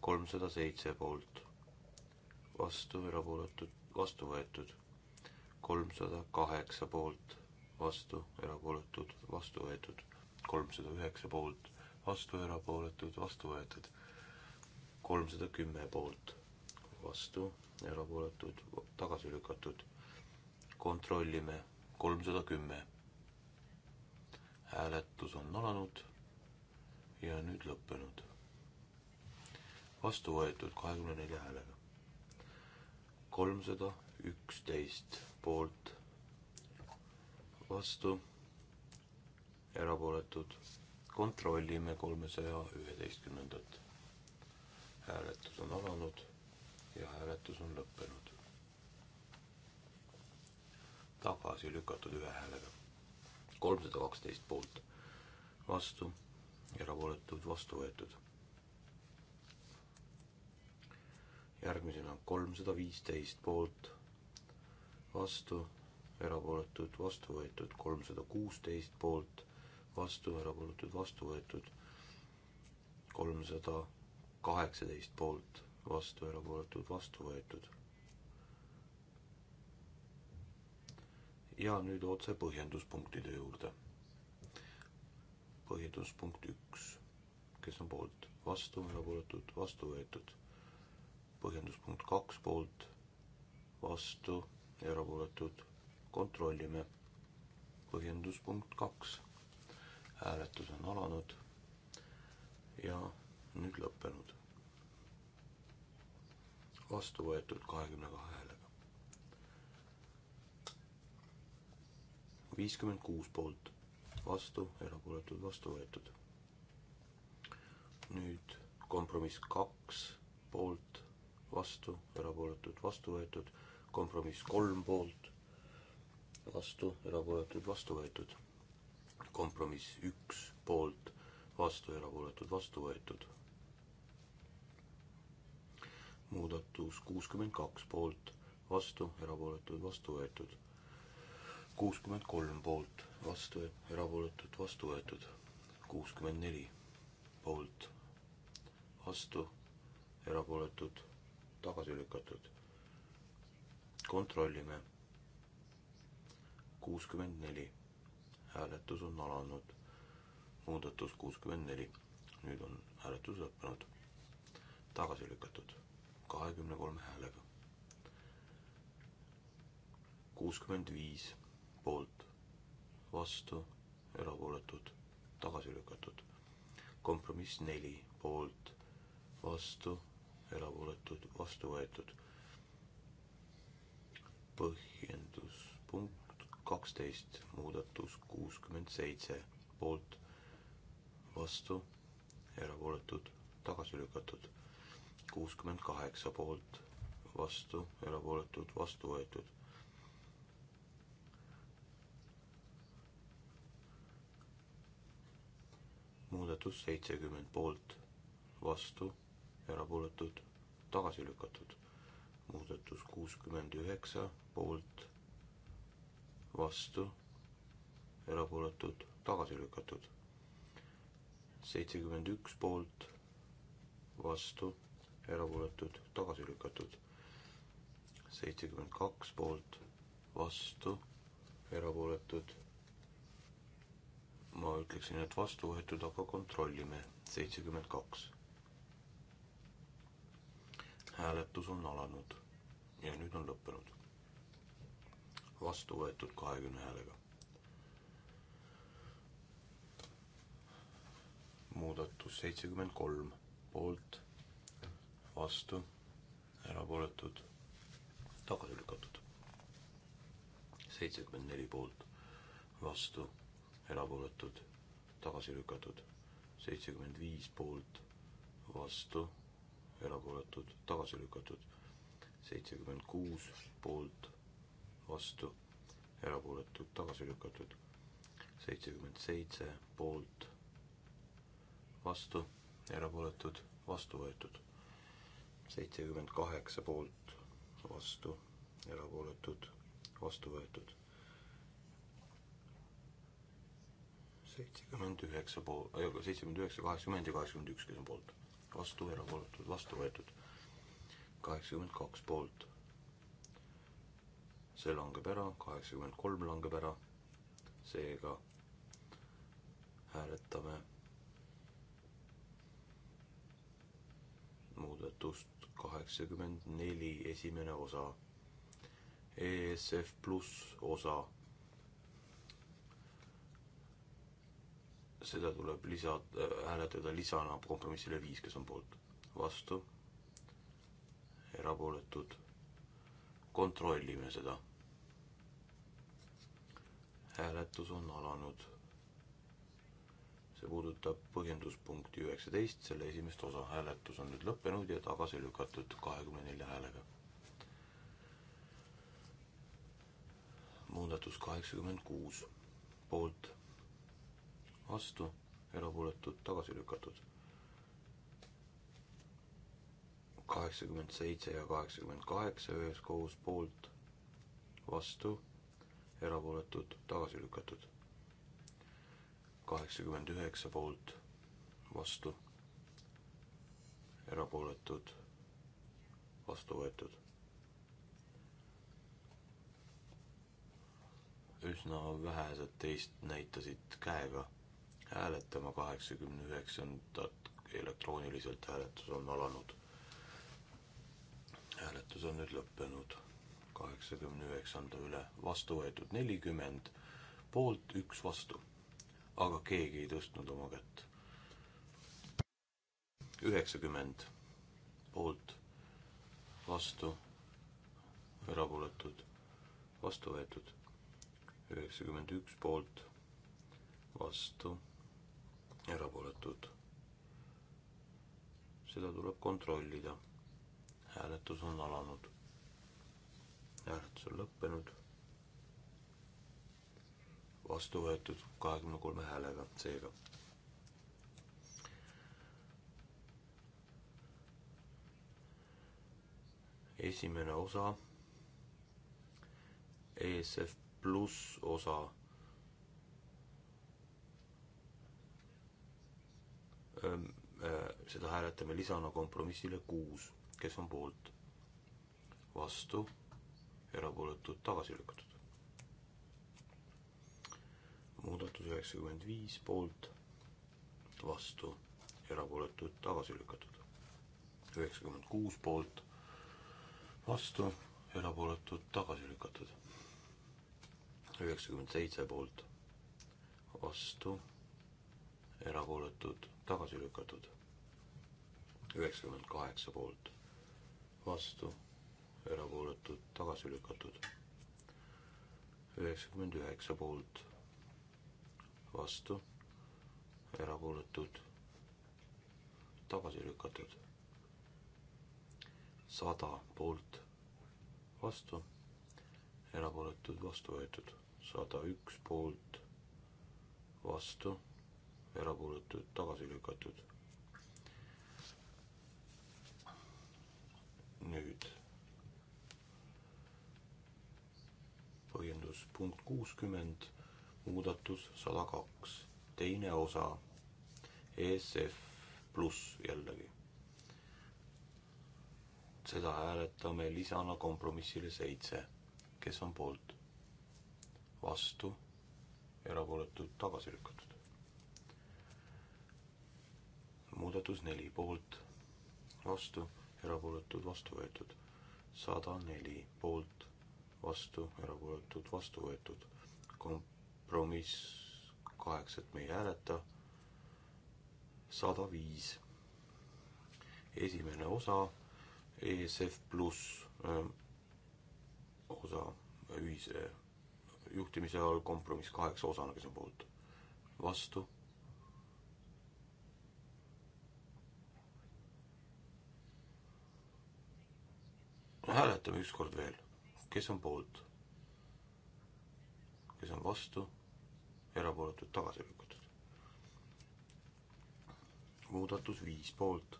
kolmsada seitse poolt vastu, erapooletud, vastu võetud. kolmsada kaheksa poolt, vastu, erapooletud, vastu võetud. kolmsada üheksa poolt, vastu, erapooletud, vastu võetud. kolmsada kümme poolt, vastu, erapooletud, tagasi lükatud. kontrollime, kolmsada kümme. hääletus on alanud ja nüüd lõppenud. vastu võetud kahekümne nelja häälega kolmsada üksteist poolt, vastu, erapooletud. kontrollime kolmesaja üheteistkümnendat. hääletus on alanud ja hääletus on lõppenud. tagasi lükatud ühe häälega. kolmsada kaksteist poolt, vastu, erapooletud, vastu võetud järgmisena kolmsada viisteist poolt, vastu, erapooletud, vastu võetud, kolmsada kuusteist poolt, vastu, erapooletud, vastu võetud, kolmsada kaheksateist poolt, vastu, erapooletud, vastu võetud. ja nüüd otse põhjenduspunktide juurde. põhjenduspunkt üks, kes on poolt, vastu, erapooletud, vastu võetud põhjenduspunkt kaks poolt, vastu, erapooletud, kontrollime. põhjenduspunkt kaks, hääletus on alanud ja nüüd lõppenud. vastu võetud kahekümne kahe häälega. viiskümmend kuus poolt, vastu, erapooletud, vastu võetud. nüüd kompromiss kaks poolt, vastu, erapooletud, vastu võetud, kompromiss kolm poolt, vastu, erapooletud, vastu võetud, kompromiss üks poolt, vastu, erapooletud, vastu võetud. muudatus kuuskümmend kaks poolt, vastu, erapooletud, vastu võetud, kuuskümmend kolm poolt, vastu, erapooletud, vastu võetud, kuuskümmend neli poolt, vastu, erapooletud tagasi lükatud. kontrollime. kuuskümmend neli. hääletus on alanud. muudatus kuuskümmend neli. nüüd on hääletus lõppenud. tagasi lükatud kahekümne kolme häälega. kuuskümmend viis poolt, vastu, erapooletud, tagasi lükatud. kompromiss neli poolt, vastu erapooletud, vastu võetud. põhjendus punkt kaksteist, muudatus kuuskümmend seitse, poolt, vastu, erapooletud, tagasi lükatud. kuuskümmend kaheksa poolt, vastu, erapooletud, vastu võetud. muudatus seitsekümmend poolt, vastu erapooletud, tagasi lükatud. muudatus kuuskümmend üheksa, poolt, vastu, erapooletud, tagasi lükatud. seitsekümmend üks poolt, vastu, erapooletud, tagasi lükatud. seitsekümmend kaks poolt, vastu, erapooletud ma ütleksin, et vastu võetud, aga kontrollime. seitsekümmend kaks hääletus on alanud ja nüüd on lõppenud. vastu võetud kahekümne häälega. muudatus seitsekümmend kolm poolt, vastu, erapooletud, tagasi lükatud. seitsekümmend neli poolt, vastu, erapooletud, tagasi lükatud. seitsekümmend viis poolt, vastu erapooletud, tagasi lükatud. seitsekümmend kuus poolt, vastu, erapooletud, tagasi lükatud. seitsekümmend seitse poolt, vastu, erapooletud, vastu võetud. seitsekümmend kaheksa poolt, vastu, erapooletud, vastu võetud seitsekümmend üheksa pool, seitsekümmend üheksa, kaheksakümmend ja kaheksakümmend üks, kes on poolt vastu, erapooletud, vastu võetud. kaheksakümmend kaks poolt. see langeb ära, kaheksakümmend kolm langeb ära, seega hääletame muudatust kaheksakümmend neli esimene osa, ESF pluss osa seda tuleb lisa, äh, hääletada lisana kompromissile viis, kes on poolt, vastu, erapooletud, kontrollime seda. hääletus on alanud. see puudutab põhjenduspunkti üheksateist, selle esimest osa hääletus on nüüd lõppenud ja tagasi lükatud kahekümne nelja häälega. muudatus kaheksakümmend kuus, poolt vastu, erapooletud, tagasi lükatud. kaheksakümmend seitse ja kaheksakümmend kaheksa üheskoos poolt, vastu, erapooletud, tagasi lükatud. kaheksakümmend üheksa poolt, vastu, erapooletud, vastu võetud. üsna vähesed teist näitasid käega hääletama kaheksakümne üheksandat elektrooniliselt, hääletus on alanud. hääletus on nüüd lõppenud kaheksakümne üheksanda üle, vastu võetud nelikümmend, poolt üks vastu. aga keegi ei tõstnud oma kätt. üheksakümmend poolt, vastu, erapooletud, vastu võetud. üheksakümmend üks poolt, vastu erapooletud. seda tuleb kontrollida. hääletus on alanud. hääletus on lõppenud. vastu võetud kahekümne kolme häälega, seega. esimene osa ESF pluss osa Äh, seda hääletame lisana kompromissile kuus, kes on poolt, vastu, erapooletud, tagasi lükatud. muudatus üheksakümmend viis poolt, vastu, erapooletud, tagasi lükatud. üheksakümmend kuus poolt, vastu, erapooletud, tagasi lükatud. üheksakümmend seitse poolt, vastu, erapooletud tagasi lükatud. üheksakümmend kaheksa poolt, vastu, erapooletud, tagasi lükatud. üheksakümmend üheksa poolt, vastu, erapooletud, tagasi lükatud. sada poolt, vastu, erapooletud, vastu võetud. sada üks poolt, vastu erapooletud, tagasi lükatud. nüüd põhjendus punkt kuuskümmend, muudatus sada kaks, teine osa ESF pluss jällegi. seda hääletame lisana kompromissile seitse, kes on poolt, vastu, erapooletud, tagasi lükatud muudatus neli poolt, vastu, erapooletud, vastu võetud. sada neli poolt, vastu, erapooletud, vastu võetud. kompromiss kaheksat me ei hääleta. sada viis. esimene osa ESF pluss ähm, osa ühise juhtimise all kompromiss kaheksa osana, kes on poolt, vastu hääletame ükskord veel, kes on poolt, kes on vastu, erapooletud tagasi lükatud. muudatus viis poolt,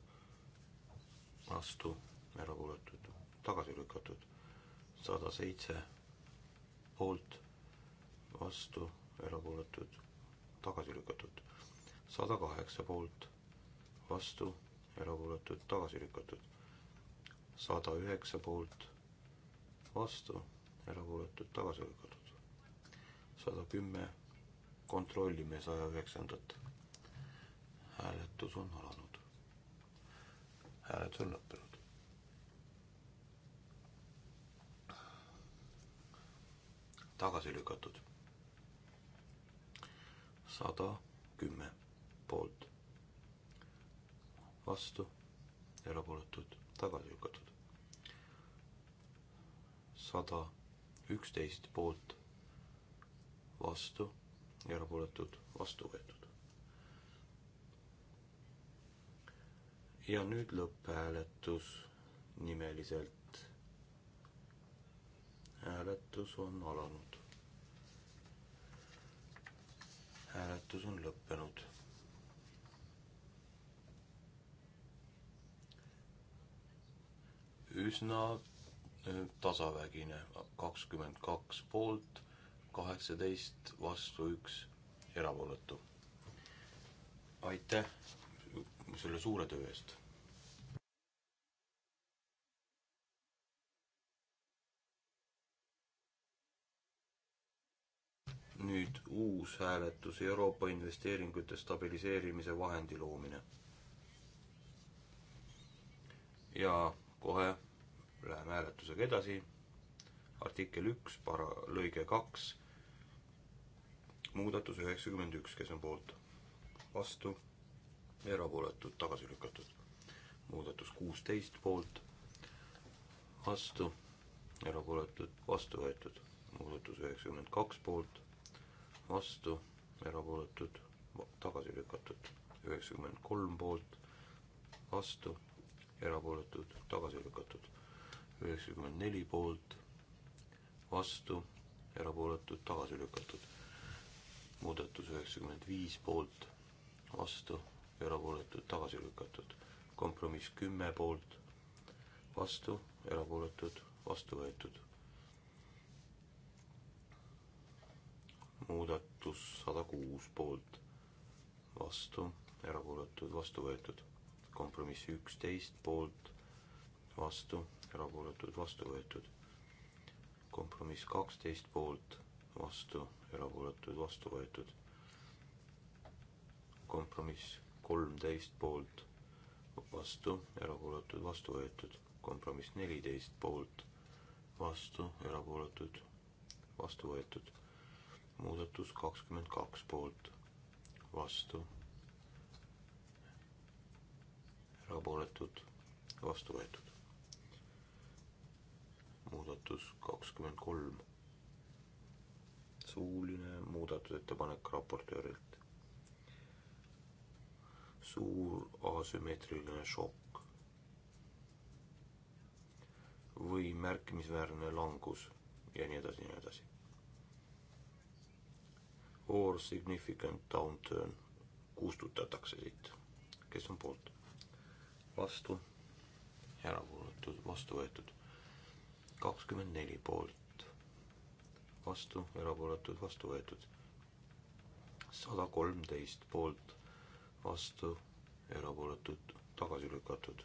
vastu, erapooletud tagasi lükatud, sada seitse poolt, vastu, erapooletud tagasi lükatud, sada kaheksa poolt, vastu, erapooletud tagasi lükatud sada üheksa poolt, vastu, erapooletud, tagasi lükatud. sada kümme, kontrollime saja üheksandat. hääletus on alanud. hääletus on lõppenud. tagasi lükatud. sada kümme poolt, vastu, erapooletud, tagasi lükatud sada üksteist poolt, vastu, erapooletud, vastu võetud. ja nüüd lõpphääletus nimeliselt. hääletus on alanud. hääletus on lõppenud. üsna tasavägine, kakskümmend kaks poolt, kaheksateist vastu üks erapooletu. aitäh selle suure töö eest. nüüd uus hääletus Euroopa investeeringute stabiliseerimise vahendi loomine. ja kohe Läheme hääletusega edasi. artikkel üks, para-, lõige kaks, muudatus üheksakümmend üks, kes on poolt? vastu, erapooletud, tagasi lükatud. muudatus kuusteist poolt, vastu, erapooletud, vastu võetud. muudatus üheksakümmend kaks poolt, vastu, erapooletud, tagasi lükatud. üheksakümmend kolm poolt, vastu, erapooletud, tagasi lükatud üheksakümmend neli poolt, vastu, erapooletud, tagasi lükatud. muudatus üheksakümmend viis poolt, vastu, erapooletud, tagasi lükatud. kompromiss kümme poolt, vastu, erapooletud, vastu võetud. muudatus sada kuus poolt, vastu, erapooletud, vastu võetud. kompromiss üksteist poolt, vastu, erapooletud, vastu võetud. kompromiss kaksteist poolt, vastu, erapooletud, vastu võetud. kompromiss kolmteist poolt, vastu, erapooletud, vastu võetud. kompromiss neliteist poolt, vastu, erapooletud, vastu võetud. muudatus kakskümmend kaks poolt, vastu, erapooletud, vastu võetud muudatus kakskümmend kolm. suuline muudatusettepanek raportöörilt. suur asümmeetriline šokk või märkimisväärne langus ja nii edasi ja nii edasi. Or significant downturn kustutatakse siit, kes on poolt, vastu, erapooletud, vastu võetud kakskümmend neli poolt, vastu, erapooletud, vastu võetud. sada kolmteist poolt, vastu, erapooletud, tagasi lükatud.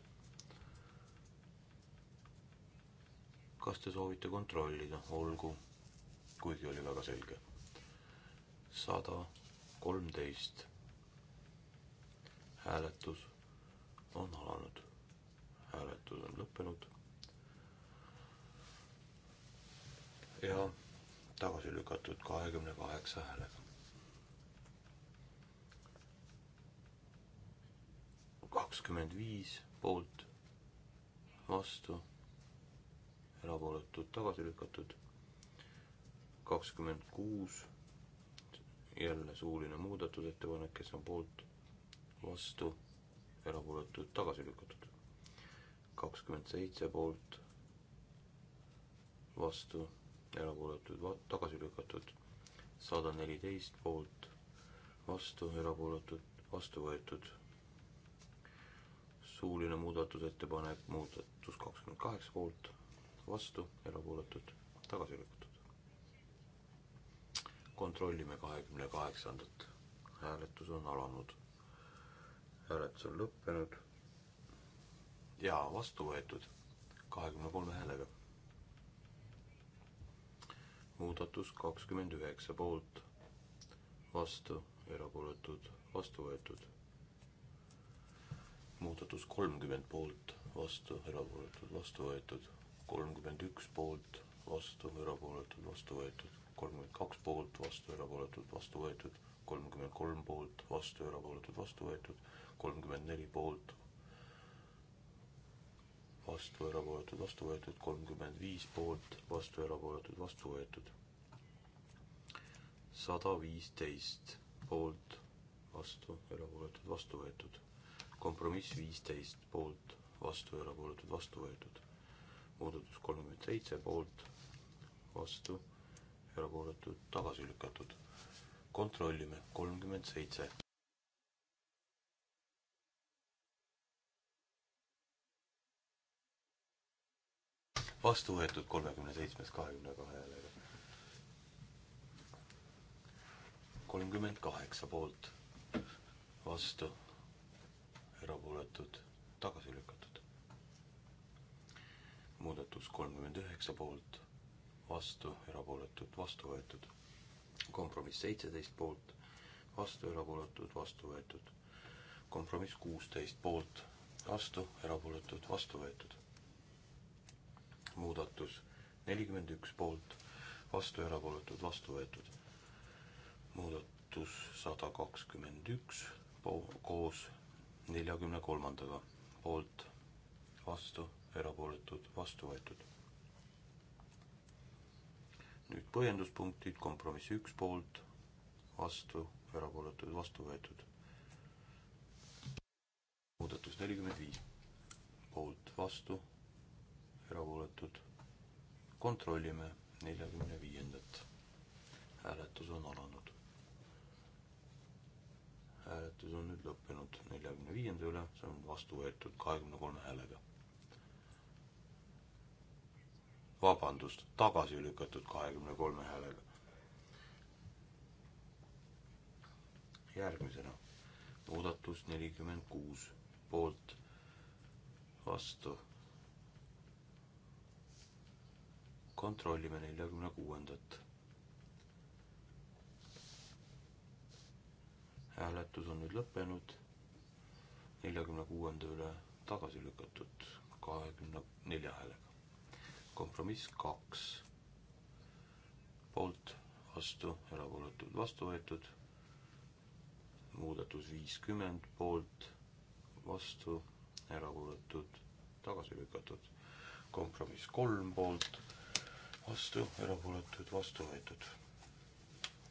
kas te soovite kontrollida, olgu, kuigi oli väga selge. sada kolmteist. hääletus on alanud. hääletus on lõppenud ja tagasi lükatud kahekümne kaheksa häälega. kakskümmend viis poolt, vastu, erapooletud, tagasi lükatud. kakskümmend kuus, jälle suuline muudatusettepanek, kes on poolt, vastu, erapooletud, tagasi lükatud. kakskümmend seitse poolt, vastu erapooletud, tagasi lükatud. sada neliteist poolt, vastu, erapooletud, vastu võetud. suuline muudatusettepanek, muudatus kakskümmend kaheksa poolt, vastu, erapooletud, tagasi lükatud. kontrollime kahekümne kaheksandat. hääletus on alanud. hääletus on lõppenud ja vastu võetud kahekümne kolme häälega muudatus kakskümmend üheksa poolt, vastu, erapooletud, vastu võetud. muudatus kolmkümmend poolt, vastu, erapooletud, vastu võetud. kolmkümmend üks poolt, vastu, erapooletud, vastu võetud. kolmkümmend kaks poolt, vastu, erapooletud, vastu võetud. kolmkümmend kolm poolt, vastu, erapooletud, vastu võetud. kolmkümmend neli poolt, vastu, erapooletud, vastu võetud, kolmkümmend viis poolt, vastu, erapooletud, vastu võetud. sada viisteist poolt, vastu, erapooletud, vastu võetud. kompromiss viisteist poolt, vastu, erapooletud, vastu võetud. muudatus kolmkümmend seitse poolt, vastu, erapooletud, tagasi lükatud. kontrollime, kolmkümmend seitse. vastu võetud kolmekümne seitsmes kahekümne kahe häälega. kolmkümmend kaheksa poolt, vastu, erapooletud, tagasi lükatud. muudatus kolmkümmend üheksa poolt, vastu, erapooletud, vastu võetud. kompromiss seitseteist poolt, vastu, erapooletud, vastu võetud. kompromiss kuusteist poolt, vastu, erapooletud, vastu võetud muudatus nelikümmend üks poolt, vastu erapooletud, vastu võetud. muudatus sada kakskümmend üks koos neljakümne kolmandaga poolt, vastu erapooletud, vastu võetud. nüüd põhjenduspunktid, kompromiss üks poolt, vastu erapooletud, vastu võetud. muudatus nelikümmend viis poolt, vastu erapooletud. kontrollime neljakümne viiendat. hääletus on alanud. hääletus on nüüd lõppenud neljakümne viienda üle, see on vastu võetud kahekümne kolme häälega. vabandust, tagasi lükatud kahekümne kolme häälega. järgmisena muudatus nelikümmend kuus poolt, vastu kontrollime neljakümne kuuendat. hääletus on nüüd lõppenud, neljakümne kuuenda üle tagasi lükatud kahekümne nelja häälega. kompromiss kaks, poolt, vastu, erapooletud, vastu võetud, muudatus viiskümmend, poolt, vastu, erapooletud, tagasi lükatud, kompromiss kolm poolt vastu, erapooletud, vastu võetud.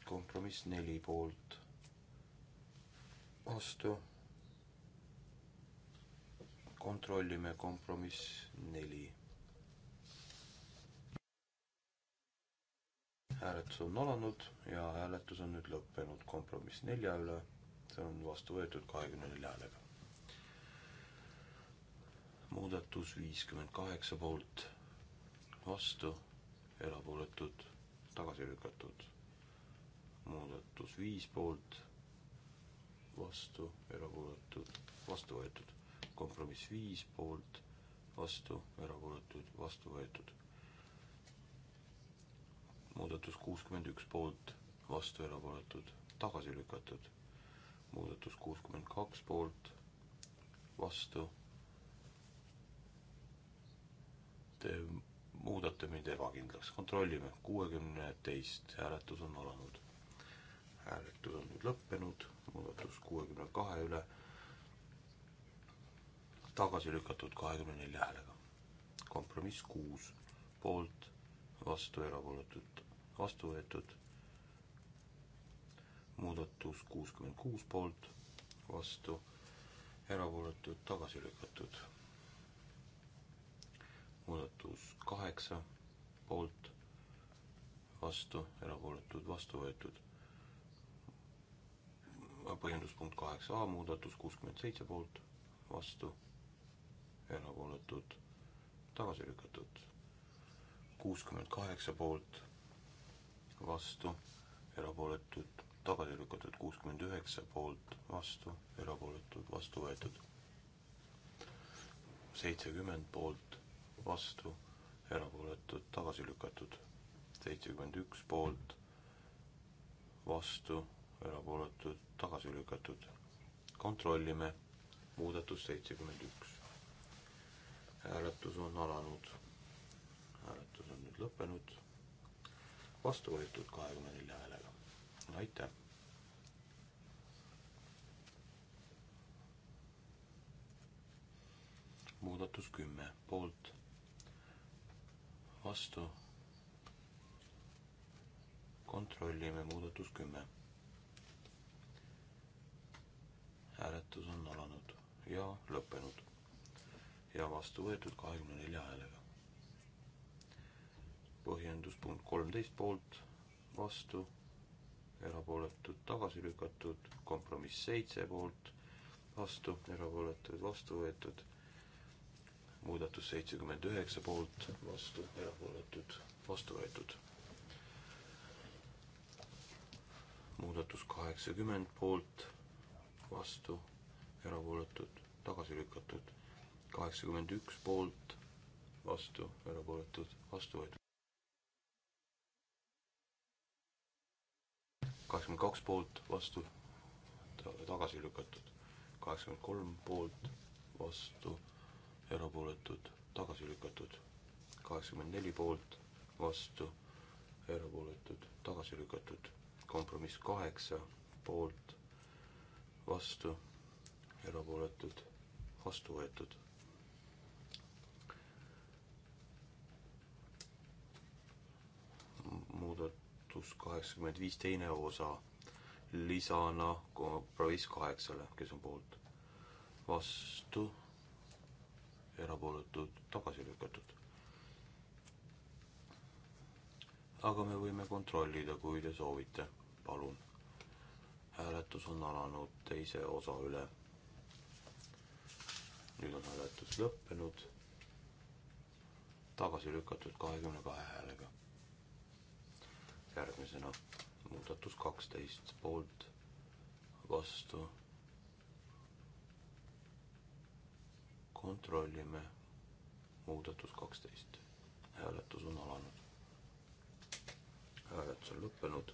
kompromiss neli poolt, vastu. kontrollime kompromiss neli. hääletus on alanud ja hääletus on nüüd lõppenud kompromiss nelja üle. see on vastu võetud kahekümne nelja häälega. muudatus viiskümmend kaheksa poolt, vastu erapooletud, tagasi lükatud. muudatus viis poolt, vastu, erapooletud, vastu võetud. kompromiss viis poolt, vastu, erapooletud, vastu võetud. muudatus kuuskümmend üks poolt, vastu, erapooletud, tagasi lükatud. muudatus kuuskümmend kaks poolt, vastu. Te muudate mind ebakindlaks, kontrollime, kuuekümne teist hääletus on alanud. hääletus on nüüd lõppenud, muudatus kuuekümne kahe üle, tagasi lükatud kahekümne nelja häälega. kompromiss kuus, poolt, vastu, erapooletud, vastu võetud, muudatus kuuskümmend kuus poolt, vastu, erapooletud, tagasi lükatud muudatus kaheksa poolt, vastu, erapooletud, vastu võetud. põhjenduspunkt kaheksa A muudatus kuuskümmend seitse poolt, vastu, erapooletud, tagasi lükatud. kuuskümmend kaheksa poolt, vastu, erapooletud, tagasi lükatud, kuuskümmend üheksa poolt, vastu, erapooletud, vastu võetud. seitsekümmend poolt, vastu, erapooletud, tagasi lükatud. seitsekümmend üks poolt, vastu, erapooletud, tagasi lükatud. kontrollime, muudatus seitsekümmend üks. hääletus on alanud. hääletus on nüüd lõppenud. vastu võetud kahekümne nelja häälega. aitäh! muudatus kümme poolt vastu. kontrollime muudatus kümme. hääletus on alanud ja lõppenud ja vastu võetud kahekümne nelja häälega. põhjendus punkt kolmteist poolt, vastu, erapooletud, tagasi lükatud, kompromiss seitse poolt, vastu, erapooletud, vastu võetud muudatus seitsekümmend üheksa poolt, vastu, erapooletud, vastu võetud. muudatus kaheksakümmend poolt, vastu, erapooletud, tagasi lükatud. kaheksakümmend üks poolt, vastu, erapooletud, vastu võetud. kaheksakümmend kaks poolt, vastu, tagasi lükatud. kaheksakümmend kolm poolt, vastu erapooletud, tagasi lükatud. kaheksakümmend neli poolt, vastu, erapooletud, tagasi lükatud. kompromiss kaheksa poolt, vastu, erapooletud, vastu võetud. muudatus kaheksakümmend viis, teine osa lisana kompromiss kaheksale, kes on poolt, vastu erapooletud tagasi lükatud. aga me võime kontrollida, kui te soovite, palun. hääletus on alanud teise osa üle. nüüd on hääletus lõppenud. tagasi lükatud kahekümne kahe häälega. järgmisena muudatus kaksteist poolt, vastu kontrollime muudatus kaksteist. hääletus on alanud. hääletus on lõppenud.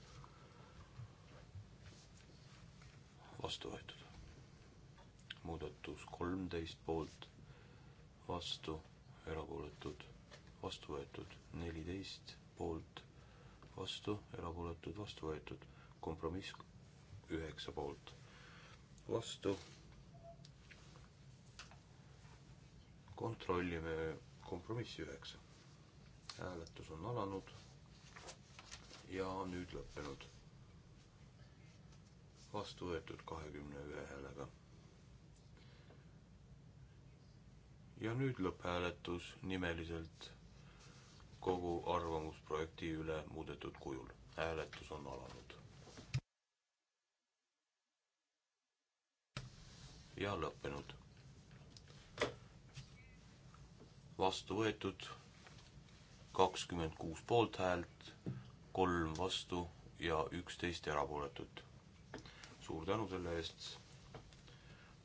vastu võetud. muudatus kolmteist poolt, vastu, erapooletud, vastu võetud, neliteist poolt, vastu, erapooletud, vastu võetud, kompromiss üheksa poolt, vastu kontrollime kompromissi üheksa. hääletus on alanud ja nüüd lõppenud. vastu võetud kahekümne ühe häälega. ja nüüd lõpphääletus nimeliselt kogu arvamusprojekti üle muudetud kujul. hääletus on alanud. ja lõppenud vastu võetud, kakskümmend kuus poolthäält, kolm vastu ja üksteist erapooletut. suur tänu selle eest,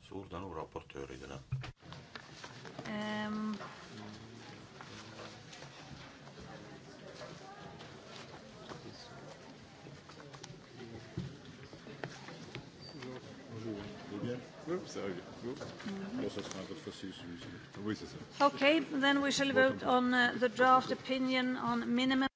suur tänu raportööridele! Okay, then we shall vote on the draft opinion on minimum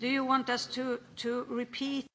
Do you want us to, to repeat?